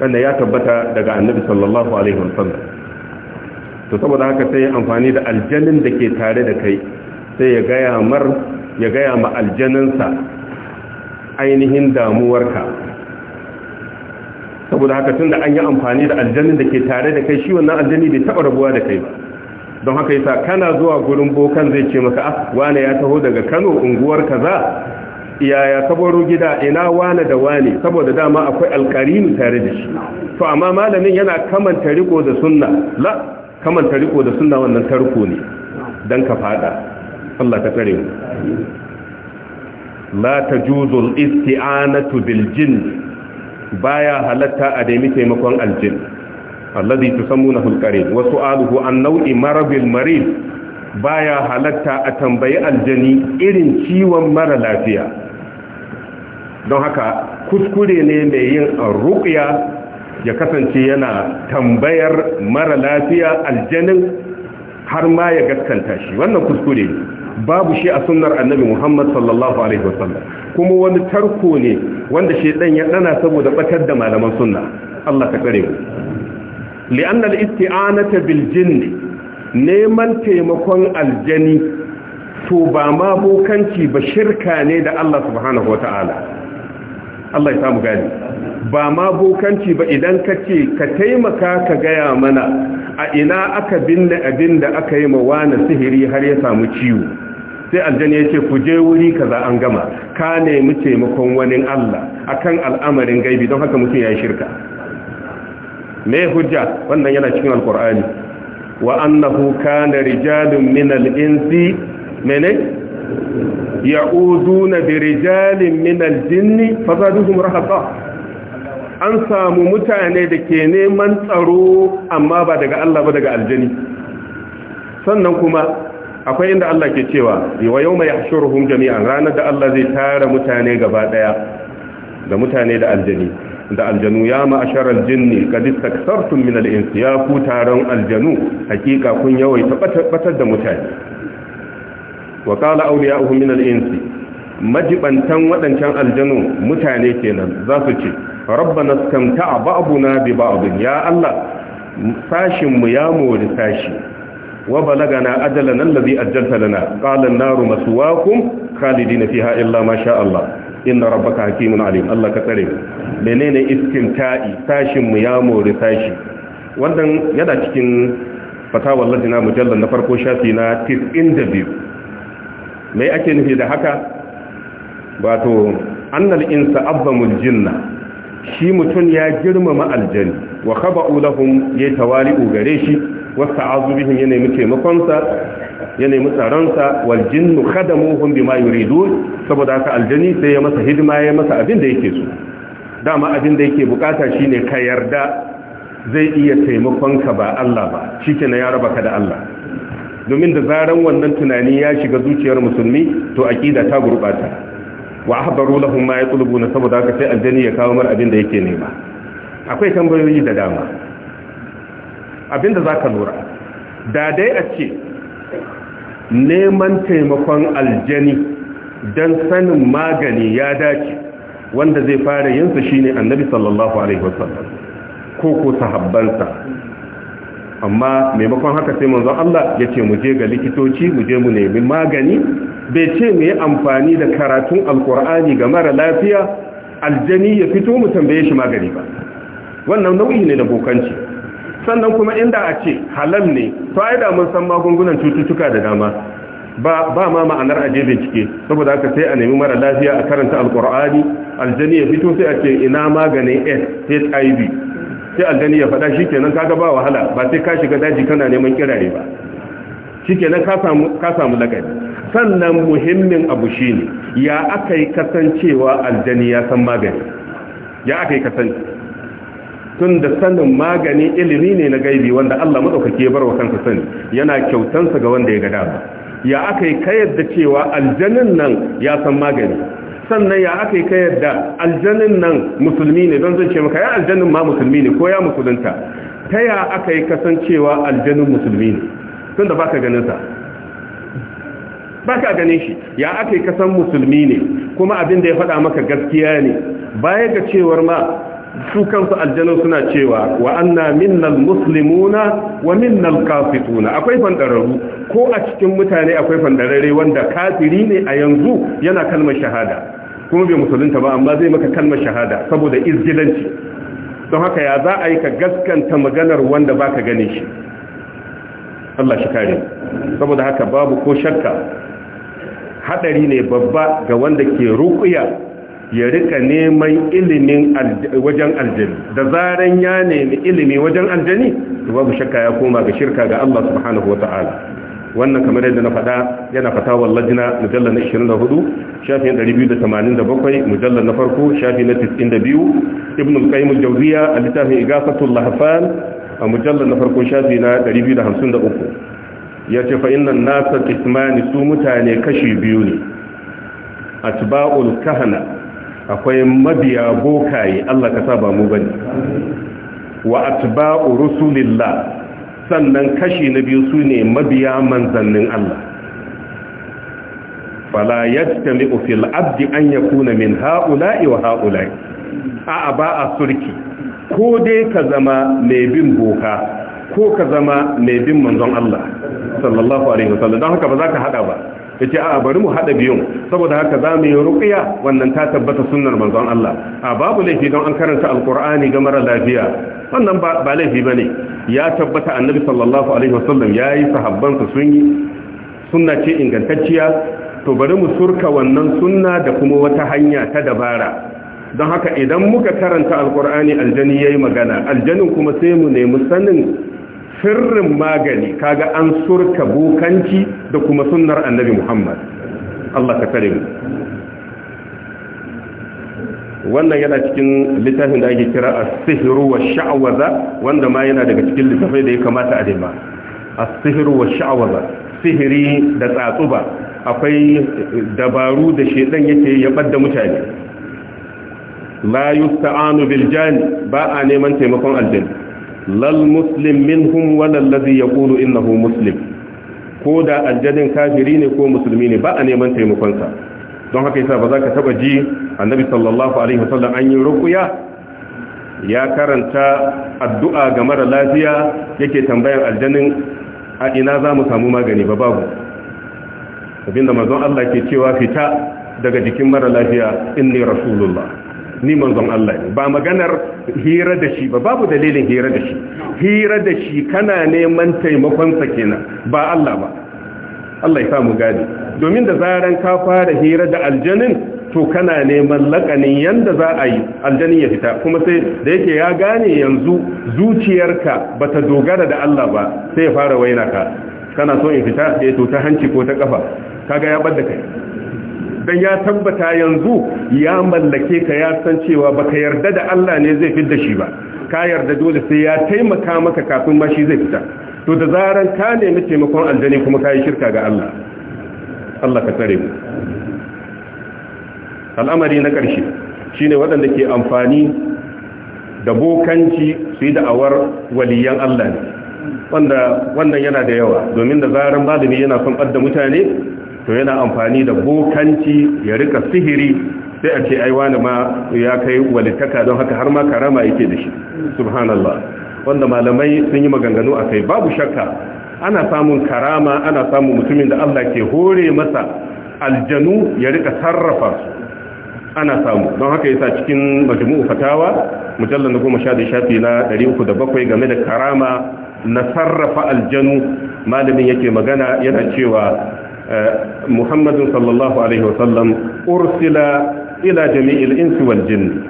wanda ya tabbata daga annabi sallallahu alaihi wasallam to saboda haka sai ya amfani da aljanin da ke tare da kai sai ya gaya mar ya gaya ma aljaninsa ainihin damuwarka saboda haka tun da an yi amfani da aljannin da ke tare da kai shi wannan aljanni bai taɓa rabuwa da kai don haka yasa kana zuwa gurin bokan zai ce maka ah wane ya taho daga kano unguwar kaza ya saboro gida ina wane da wane saboda dama akwai alkarini tare da shi to amma malamin yana kamanta riko da sunna la kamanta riko da sunna wannan tarko ne dan ka fada Allah ka tsare mu la tajuzul istianatu bil jinn baya halatta a daimi taimakon aljin alladhi tusammunahu alqarin wa su'aluhu an naw'i marabil marid baya halatta a tambayi aljani irin ciwon mara lafiya don haka kuskure ne mai yin ruqya ya kasance yana tambayar mara lafiya aljanin har ma ya gaskanta shi wannan kuskure babu shi a sunnar annabi Muhammad sallallahu alaihi wasallam kuma wani tarko ne wanda shedan ya dana saboda batar da malaman sunna Allah ka kare mu li'an al-isti'anata bil jinn neman taimakon aljani to ba ma bokanci ba shirka ne da Allah subhanahu wataala Allah ya samu gani ba ma bokanci ba idan ka ce ka taimaka ka gaya mana a ina aka binne abin da aka yi ma wani sihiri har ya samu ciwo sai aljani ya ce ku je wuri kaza an gama ka nemi taimakon wani Allah akan al'amarin gaibi don haka mutum ya yi shirka me hujja wannan yana cikin alkur'ani wa annahu kana rijalun min al-insi mene ya'uduna bi rijalin min al-jinni fazaduhum rahaqa an samu mutane da ke neman tsaro amma ba daga Allah ba daga aljani sannan kuma akwai inda Allah ke cewa wa yau mai hashuruhum jami'an ranar da Allah zai tara mutane gaba daya da mutane da aljani da aljanu ya ma'ashar aljinni qad istakthartum min al ya ku taron aljanu hakika kun yawaita batar da mutane wa ya awliya'uhum min al majibantan waɗancan aljanu mutane kenan za su ce rabbana istamta'a ba'duna bi ba'd ya Allah sashin mu ya mori sashi wa balagana ajalana allazi ajjalta lana qala an-naru maswaakum khalidina fiha illa ma sha Allah inna rabbaka hakimun alim Allah ka tsare mu menene iskin sashin mu ya mori sashi wannan yana cikin fatawar lajina mujallar na farko shafi na 92 mai ake nufi da haka wato annal insa Abba jinna shi mutum ya girmama aljani wa khaba'u lahum ya tawali'u gare shi wa ta'azu bihim ya nemi taimakonsa ya nemi tsaronsa wal jinnu khadamuhum bima yuridu saboda haka aljani sai ya masa hidima ya masa abin da yake so dama abin da yake bukata shine ka yarda zai iya taimakonka ba Allah ba na ya raba ka da Allah domin da zaran wannan tunani ya shiga zuciyar musulmi to aqida ta gurbata wa ahdaru lahum ma yatlubuna saboda haka sai aljani ya kawo mar abin da yake nema akwai tambayoyi da dama Abinda da zaka lura da dai a ce neman taimakon aljani dan sanin magani ya dace wanda zai fara yinsa shine annabi sallallahu alaihi wasallam ko ko sahabbansa amma maimakon haka sai manzon Allah ya ce mu je ga likitoci mu je mu nemi magani bai ce mu amfani da karatun alkur'ani ga mara lafiya aljani ya fito mu tambaye shi magani ba wannan nau'i ne da bokanci sannan kuma inda a ce halal ne to ai da mun san magungunan cututtuka da dama ba ba ma ma'anar aje bincike saboda haka sai a nemi mara lafiya a karanta alkur'ani aljani ya fito sai a ce ina maganin HIV sai aljani ya faɗa shikenan kaga ba wahala ba sai ka shiga daji kana neman kirare ba shikenan ka samu ka samu lakabi sannan muhimmin abu shine ya akai kasancewa aljani ya san magani ya akai kasance tun da sanin magani ilimi ne na gaibi wanda Allah madaukake ya barwa kansa sani yana kyautansa ga wanda ya ga dama ya akai ka cewa aljanin nan ya san magani sannan ya aka yi ka yadda aljannin nan musulmi ne don zan ce maka ya aljannin ma musulmi ne ko ya musulunta ta ya aka yi kasancewa aljannin musulmi ne tun da ba ka ganin sa ba ka ganin shi ya aka yi kasan musulmi ne kuma abin da ya faɗa maka gaskiya ne baya ga cewar ma su kansu aljanu suna cewa wa anna minnal muslimuna wa minnal kafituna akwai fandararru ko a cikin mutane akwai fandararre wanda kafiri ne a yanzu yana kalmar shahada kuma bai musulunta ba amma zai maka kalmar shahada saboda izgilanci don haka ya za a yi ka gaskanta maganar wanda ba ka gane shi Allah shi kare saboda haka babu ko shakka hadari ne babba ga wanda ke rukuya ya rika neman ilimin wajen aljani da zaran ya nemi ilimi wajen aljani babu shakka ya koma ga shirka ga Allah subhanahu wataala wannan kamar yadda na faɗa yana fata wa lajina mujallar na 24 shafi 287 mujallar na farko shafi na 92 ibn al-qayyim al-jawziya a littafin igafatul lahfan a mujallar na farko shafi na 253 ya ce fa innan nasa qismani su mutane kashi biyu ne atba'ul kahana akwai mabiya bokaye Allah ka sa ba mu bane wa atba'u rusulillah sannan kashi na biyu su ne mabiya manzannin Allah fala yajtami fil abdi an yakuna min haula'i wa haula'i a ba a surki ko dai ka zama mai bin boka ko ka zama mai bin manzon Allah sallallahu alaihi wasallam don haka ba za ka hada ba ya ce a bari mu haɗa biyun saboda haka za mu yi ruƙiya wannan ta tabbata sunnar manzon Allah a babu laifi don an karanta alƙur'ani ga mara lafiya wannan ba laifi ba ne ya tabbata annabi sallallahu alaihi wasallam ya yi sahabbansa sun yi sunna ce ingantacciya to bari mu surka wannan sunna da kuma wata hanya ta dabara don haka idan muka karanta alkur'ani aljani ya yi magana aljanin kuma sai mu nemi sanin sirrin magani kaga an surka bokanci da kuma sunnar annabi Muhammad Allah ka kare mu wannan yana cikin littafin da ake kira as-sihru wa shawaza wanda ma yana daga cikin littafai da ya kamata a daima as-sihru wa shawaza sihiri da tsatsuba akwai dabaru da shedan yake ya badda mutane la yusta'anu bil jani ba a neman taimakon aljanna lal muslim minhum wala allazi yaqulu ho muslim ko da aljanin kafiri ne ko musulmi ne ba a neman taimakon sa don haka yasa ba za ka taba ji annabi sallallahu alaihi wasallam an yi rukuya. ya karanta addu'a ga mara lafiya yake tambayar aljanin a ina za mu samu magani ba babu abinda manzon Allah ke cewa fita daga jikin mara lafiya inni rasulullah ni manzon Allah ne ba maganar hira da shi ba babu dalilin hira da shi hira da shi kana neman taimakon sa kenan ba Allah ba Allah ya samu gadi domin da zaran ka fara hira da aljanin to kana neman lakanin yanda za a yi aljanin ya fita kuma sai da yake ya gane yanzu zuciyarka bata dogara da Allah ba sai ya fara waina ka kana so in fita sai eh to ta hanci ko ta kafa kaga ya bar da kai dan ya tabbata yanzu ya mallake ka ya san cewa baka yarda da Allah ne zai fidda shi ba ka yarda dole sai ya taimaka maka kafin ma shi zai fita to da zaran ka nemi taimakon aljani kuma ka yi shirka ga Allah Allah ka tsare mu al'amari na ƙarshe shine waɗanda ke amfani da bokanci su yi da'awar waliyan Allah ne wanda wannan yana da yawa domin da zarar malami yana son ɓadda mutane to yana amfani da bokanci ya rika sihiri sai a ce ai wani ma ya kai walitaka don haka har ma karama yake da shi subhanallah wanda malamai sun yi maganganu a kai babu shakka ana samun karama ana samun mutumin da Allah ke hore masa aljanu ya rika sarrafa su ana samu don haka yasa cikin majmu'u fatawa mujallal na goma sha da shafi na 307 game da karama na sarrafa aljanu malamin yake magana yana cewa muhammadin sallallahu alaihi wasallam ursila ila jami'il insi wal jinn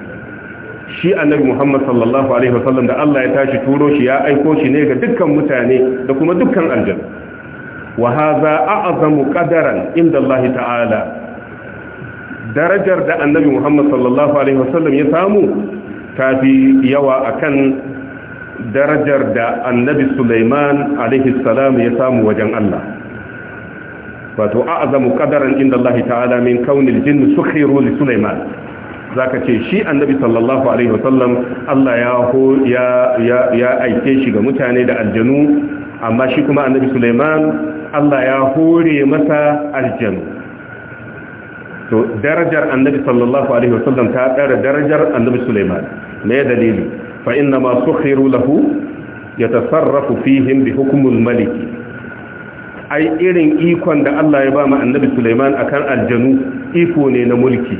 shi annabi muhammad sallallahu alaihi wasallam da Allah ya tashi turo shi ya aiko shi ne ga dukkan mutane da kuma dukkan aljanna wa hadha a'zamu qadaran inda Allah ta'ala darajar da annabi muhammad sallallahu alaihi wasallam ya samu tafi yawa akan darajar da annabi Sulaiman alaihi salam ya samu wajen Allah wato a'zamu qadaran inda Allah ta'ala min kaunil jinn sukhiru li Sulaiman zaka ce shi annabi sallallahu alaihi wasallam Allah ya ho ya ya aike shi ga mutane da aljanu amma shi kuma annabi Sulaiman Allah ya hore masa aljanu to darajar annabi sallallahu alaihi wasallam ta tsara darajar annabi Sulaiman me dalili fa inna ma sukhiru lahu yatasarrafu fihim bi hukmul maliki ai irin ikon da Allah ya ba mu annabi Sulaiman akan aljanu iko ne na mulki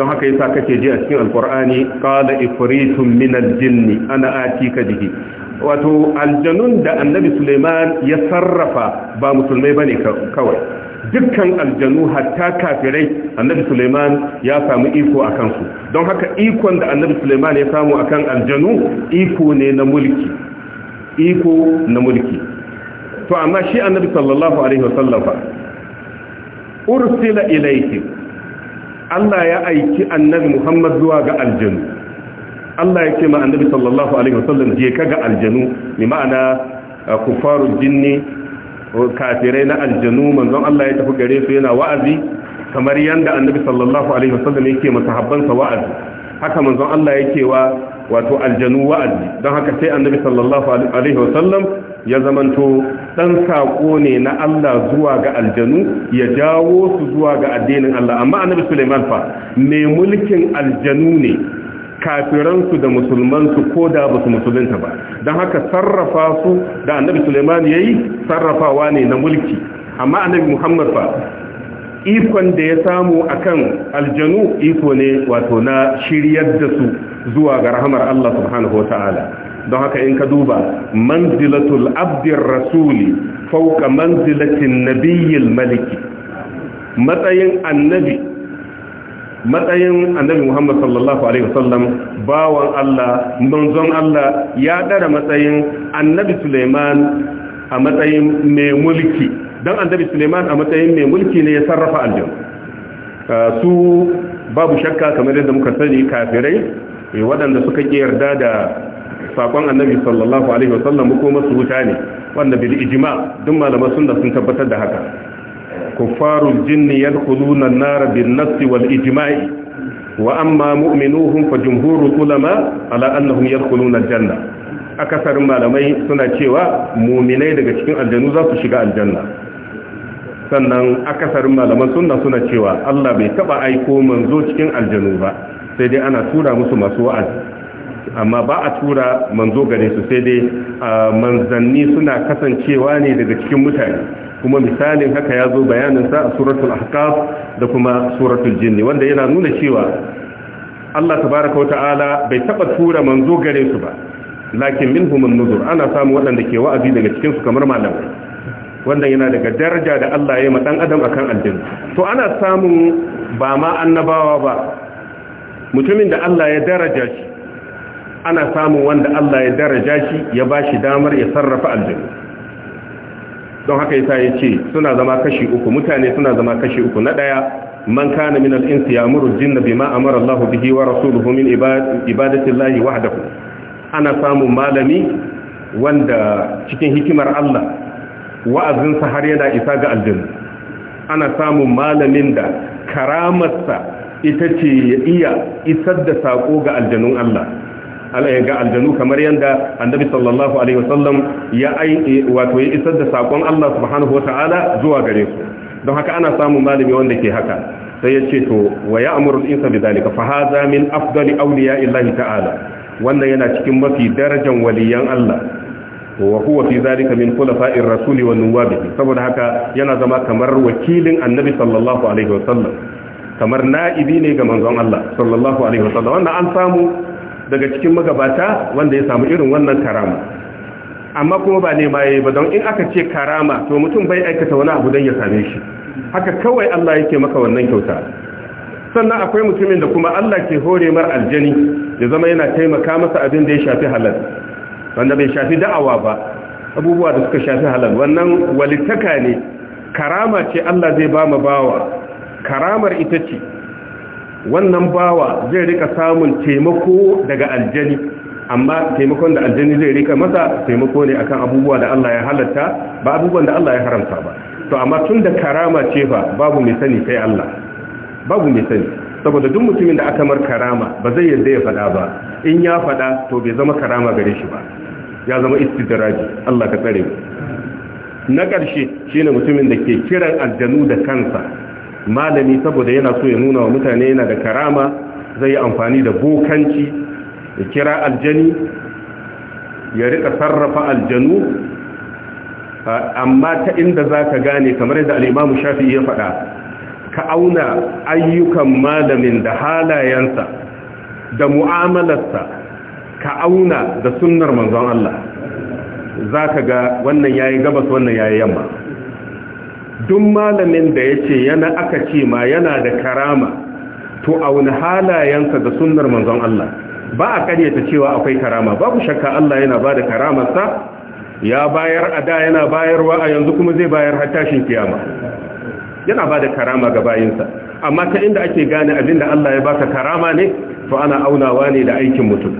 don haka yasa kake ji a cikin alqur'ani qala ifritun min aljinn ana atika bihi wato aljanun da annabi Sulaiman ya sarrafa ba musulmai bane kawai dukkan aljanu hatta kafirai annabi Sulaiman ya samu iko akan su don haka ikon da annabi Sulaiman ya samu akan aljanu iko ne na mulki iko na mulki to amma shi annabi sallallahu alaihi wasallam fa ursila ilayhi Allah ya aiki annabi Muhammad zuwa ga aljanu Allah ya ce ma annabi sallallahu alaihi wasallam je ka ga aljanu ni ma'ana kufaru jinni kafirai na aljanu manzon Allah ya tafi gare su yana wa'azi kamar yanda annabi sallallahu alaihi wasallam yake masahabbansa wa'azi haka manzon Allah yake wa wato aljanu wa'azi don haka sai annabi sallallahu alaihi wasallam ya zamanto dan sako ne na Allah zuwa ga aljanu ya jawo su zuwa ga addinin Allah amma annabi Sulaiman fa ne mulkin aljanu ne kafiransu da musulmansu ko da ba su musulunta ba don haka sarrafa su da annabi Sulaiman ya yi sarrafawa ne na mulki amma annabi Muhammad fa ikon da ya samu akan aljanu iko ne wato na shiryar da su zuwa ga rahamar Allah subhanahu wa ta'ala don haka in ka duba manzilatul abdir rasuli fauka manzilatin nabiyyil maliki matsayin annabi matsayin annabi Muhammad sallallahu alaihi wasallam bawan Allah manzon Allah ya dara matsayin annabi Suleiman a matsayin mai mulki don annabi Suleiman a matsayin mai mulki ne ya sarrafa aljanna su babu shakka kamar yadda muka sani kafirai Eh, waɗanda suka ƙi yarda da sakon annabi sallallahu alaihi wasallam ko masu wuta ne wanda bil ijma duk malaman sunna sun tabbatar da haka kuffarul jinni yadkhuluna an-nar bin nass wal ijma'i wa amma mu'minuhum fa jumhurul ulama ala annahum yadkhuluna al-janna akasarin malamai suna cewa mu'minai daga cikin aljannu za su shiga aljanna sannan akasarin malaman sunna suna cewa Allah bai taba aiko manzo cikin aljanu ba sai dai ana tura musu masu wa'azi amma ba a tura manzo gare su sai dai manzanni suna kasancewa ne daga cikin mutane kuma misalin haka ya zo bayanin sa a suratul ahqaf da kuma suratul jinn wanda yana nuna cewa Allah tabaaraka ta'ala bai taba tura manzo gare su ba lakin minhum nuzur ana samu waɗanda ke wa'azi daga cikin su kamar malamai wannan yana daga daraja da Allah ya yi dan adam akan aljanna to ana samun ba ma annabawa ba mutumin da Allah ya daraja shi ana samun wanda Allah ya daraja shi ya ba shi damar ya sarrafa aljanna don haka yasa ya ce suna zama kashi uku mutane suna zama kashi uku na ɗaya, man kana min al-insi ya'muru al-jinna bima amara Allah bihi wa rasuluhu min ibadati Allah wahdahu ana samun malami wanda cikin hikimar Allah wa'azinsa har yana isa ga aljanu ana samun malamin da karamarsa ita ce ya iya isar da saƙo ga aljanun Allah eh, ga aljanu kamar yadda annabi sallallahu alaihi wasallam ya ai eh, wato ya isar da sakon Allah subhanahu wataala zuwa gare su don haka ana samun malami wanda ke haka sai ya ce to wa ya al-insa bidhalika fa hadha min afdali awliya illahi ta'ala wannan yana cikin mafi darajan waliyan Allah wa huwa fi zalika min khulafa'ir rasul wa nuwabihi saboda haka yana zama kamar wakilin annabi sallallahu alaihi wasallam kamar na'ibi ne ga manzon Allah sallallahu alaihi wasallam wannan an samu daga cikin magabata wanda ya samu irin wannan karama amma kuma ba ne ma yayi ba don in aka ce karama to mutum bai aikata wani abu dan ya same shi haka kawai Allah yake maka wannan kyauta sannan akwai mutumin da kuma Allah ke hore mar aljani ya zama yana taimaka masa abin da ya shafi halal wanda bai shafi da'awa ba abubuwa da suka shafi halal wannan walitaka ne karama ce Allah zai ba mu bawa karamar ita ce wannan bawa zai rika samun taimako daga aljani amma taimakon da aljani zai rika masa taimako ne akan abubuwa da Allah ya halatta ba abubuwan da Allah ya haramta ba to amma tun da karama ce fa babu mai sani sai Allah babu mai sani saboda duk mutumin da aka mar karama ba zai yadda ya faɗa ba in ya faɗa to bai zama karama gare shi ba ya zama istidraji Allah ka tsare mu na ƙarshe shine mutumin da ke kiran aljanu da kansa malami saboda yana so ya nuna wa mutane yana da karama zai yi amfani da bokanci ya kira aljani ya rika sarrafa aljanu amma ta inda zaka gane kamar yadda al-Imam Shafi'i ya faɗa ka auna ayyukan malamin da halayensa da mu'amalarsa ka auna da sunnar manzon Allah za ka ga wannan yayi gabas wannan yayi yamma duk malamin da ya ce yana aka ce ma yana da karama to auna halayensa da sunnar manzon Allah ba a karyata cewa akwai karama babu shakka Allah yana ba da karamarsa ya bayar a da yana bayarwa a yanzu kuma zai bayar har tashin kiyama yana ba da karama ga bayinsa amma ta inda ake gane abin da Allah ya baka karama ne to ana aunawa ne da aikin mutum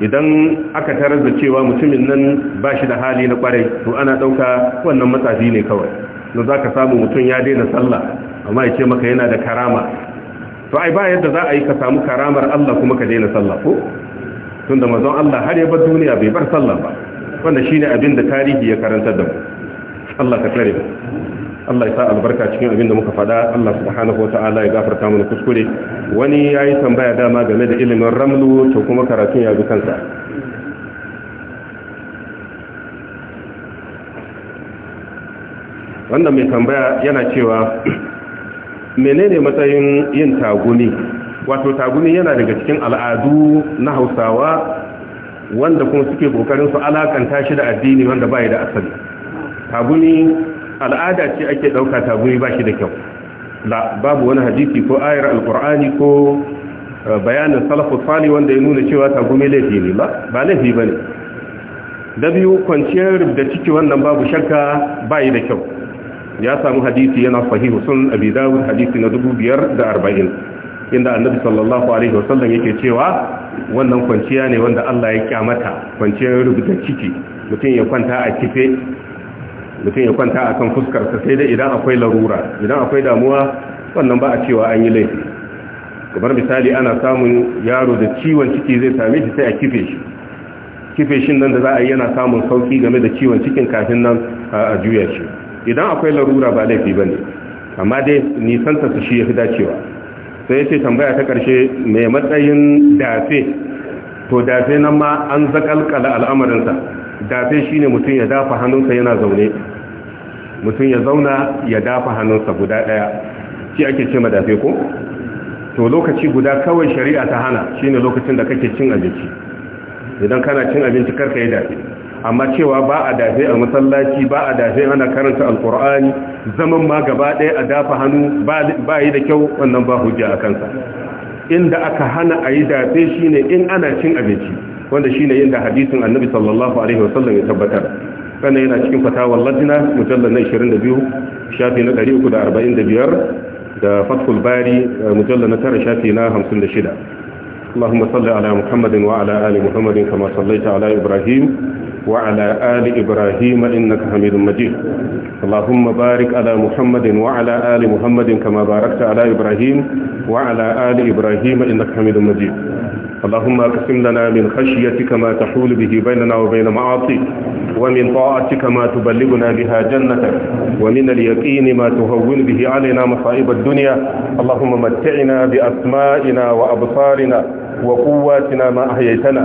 idan aka tarar da cewa mutumin nan ba shi da hali na kwarai to ana ɗauka wannan matafi ne kawai da za ka samu mutum ya daina sallah amma ya ce maka yana da karama to ai ba yadda za a yi ka samu karamar Allah kuma ka daina sallah ko tunda mazan Allah har ya bar duniya bai bar sallah ba wannan shine abin da tarihi ya karantar da mu Allah ka tsare mu Allah ya sa albarka cikin abin da muka faɗa Allah subhanahu wata'ala ya gafarta mana kuskure wani yayi tambaya dama game da ilimin ramlu to kuma karatun ya bi kansa wannan mai tambaya yana cewa menene matsayin yin tagumi wato taguni yana daga cikin al'adu na Hausawa wanda kuma suke kokarin su alakanta shi da addini wanda bai da asali taguni al'ada ce ake ɗauka taguri ba shi da kyau babu wani hadisi ko ayar alkur'ani ko eh, bayanin salafu fali wanda ya nuna cewa tagumi laifi ne ba ba laifi ba ne da biyu kwanciyar da ciki wannan babu shakka ba yi da kyau ya samu hadisi yana sahihu sun abi dawud hadisi na dubu biyar da arba'in inda annabi sallallahu alaihi wasallam yake cewa wannan kwanciya ne wanda Allah ya kyamata kwanciyar rubuta ciki mutum ya kwanta a kife mutum ya kwanta a kan fuskarsa sai dai idan akwai larura idan akwai damuwa wannan ba a cewa an yi laifi kamar misali ana samun yaro da ciwon ciki zai same shi sai a kife shi kife shi nan da za a yi yana samun sauki game da ciwon cikin kafin nan a juya shi idan akwai larura ba laifi ba ne amma dai nisanta su shi ya fi dacewa sai ya ce tambaya ta karshe mai matsayin dafe to dafe nan ma an zakalkala al'amarinsa dafe ne mutum ya dafa hannunsa yana zaune mutum ya zauna ya dafa hannunsa guda daya shi ake ce ma dafe ko to lokaci guda kawai shari'a ta hana shi ne lokacin da kake cin abinci idan kana cin abinci karka yi dafe amma cewa ba a dafe a masallaci ba a dafe ana karanta alkur'ani zaman ma gaba ɗaya a dafa hannu ba yi da kyau wannan ba hujja a kansa inda aka hana a yi dafe shi ne in ana cin abinci wanda shine yadda hadisin annabi sallallahu alaihi wasallam ya tabbatar sannan yana cikin fatawar latina mujallar na 22 shafi na 345 da fathul bari eh, mujallar na 9 shafi na 56 اللهم صل على محمد وعلى آل محمد كما صليت على Ibrahim. وعلى آل إبراهيم إنك حميد مجيد اللهم بارك على محمد وعلى آل محمد كما باركت على إبراهيم وعلى آل إبراهيم إنك حميد مجيد اللهم اقسم لنا من خشيتك ما تحول به بيننا وبين معاصيك ومن طاعتك ما تبلغنا بها جنتك ومن اليقين ما تهون به علينا مصائب الدنيا اللهم متعنا بأسمائنا وأبصارنا وقواتنا ما أحييتنا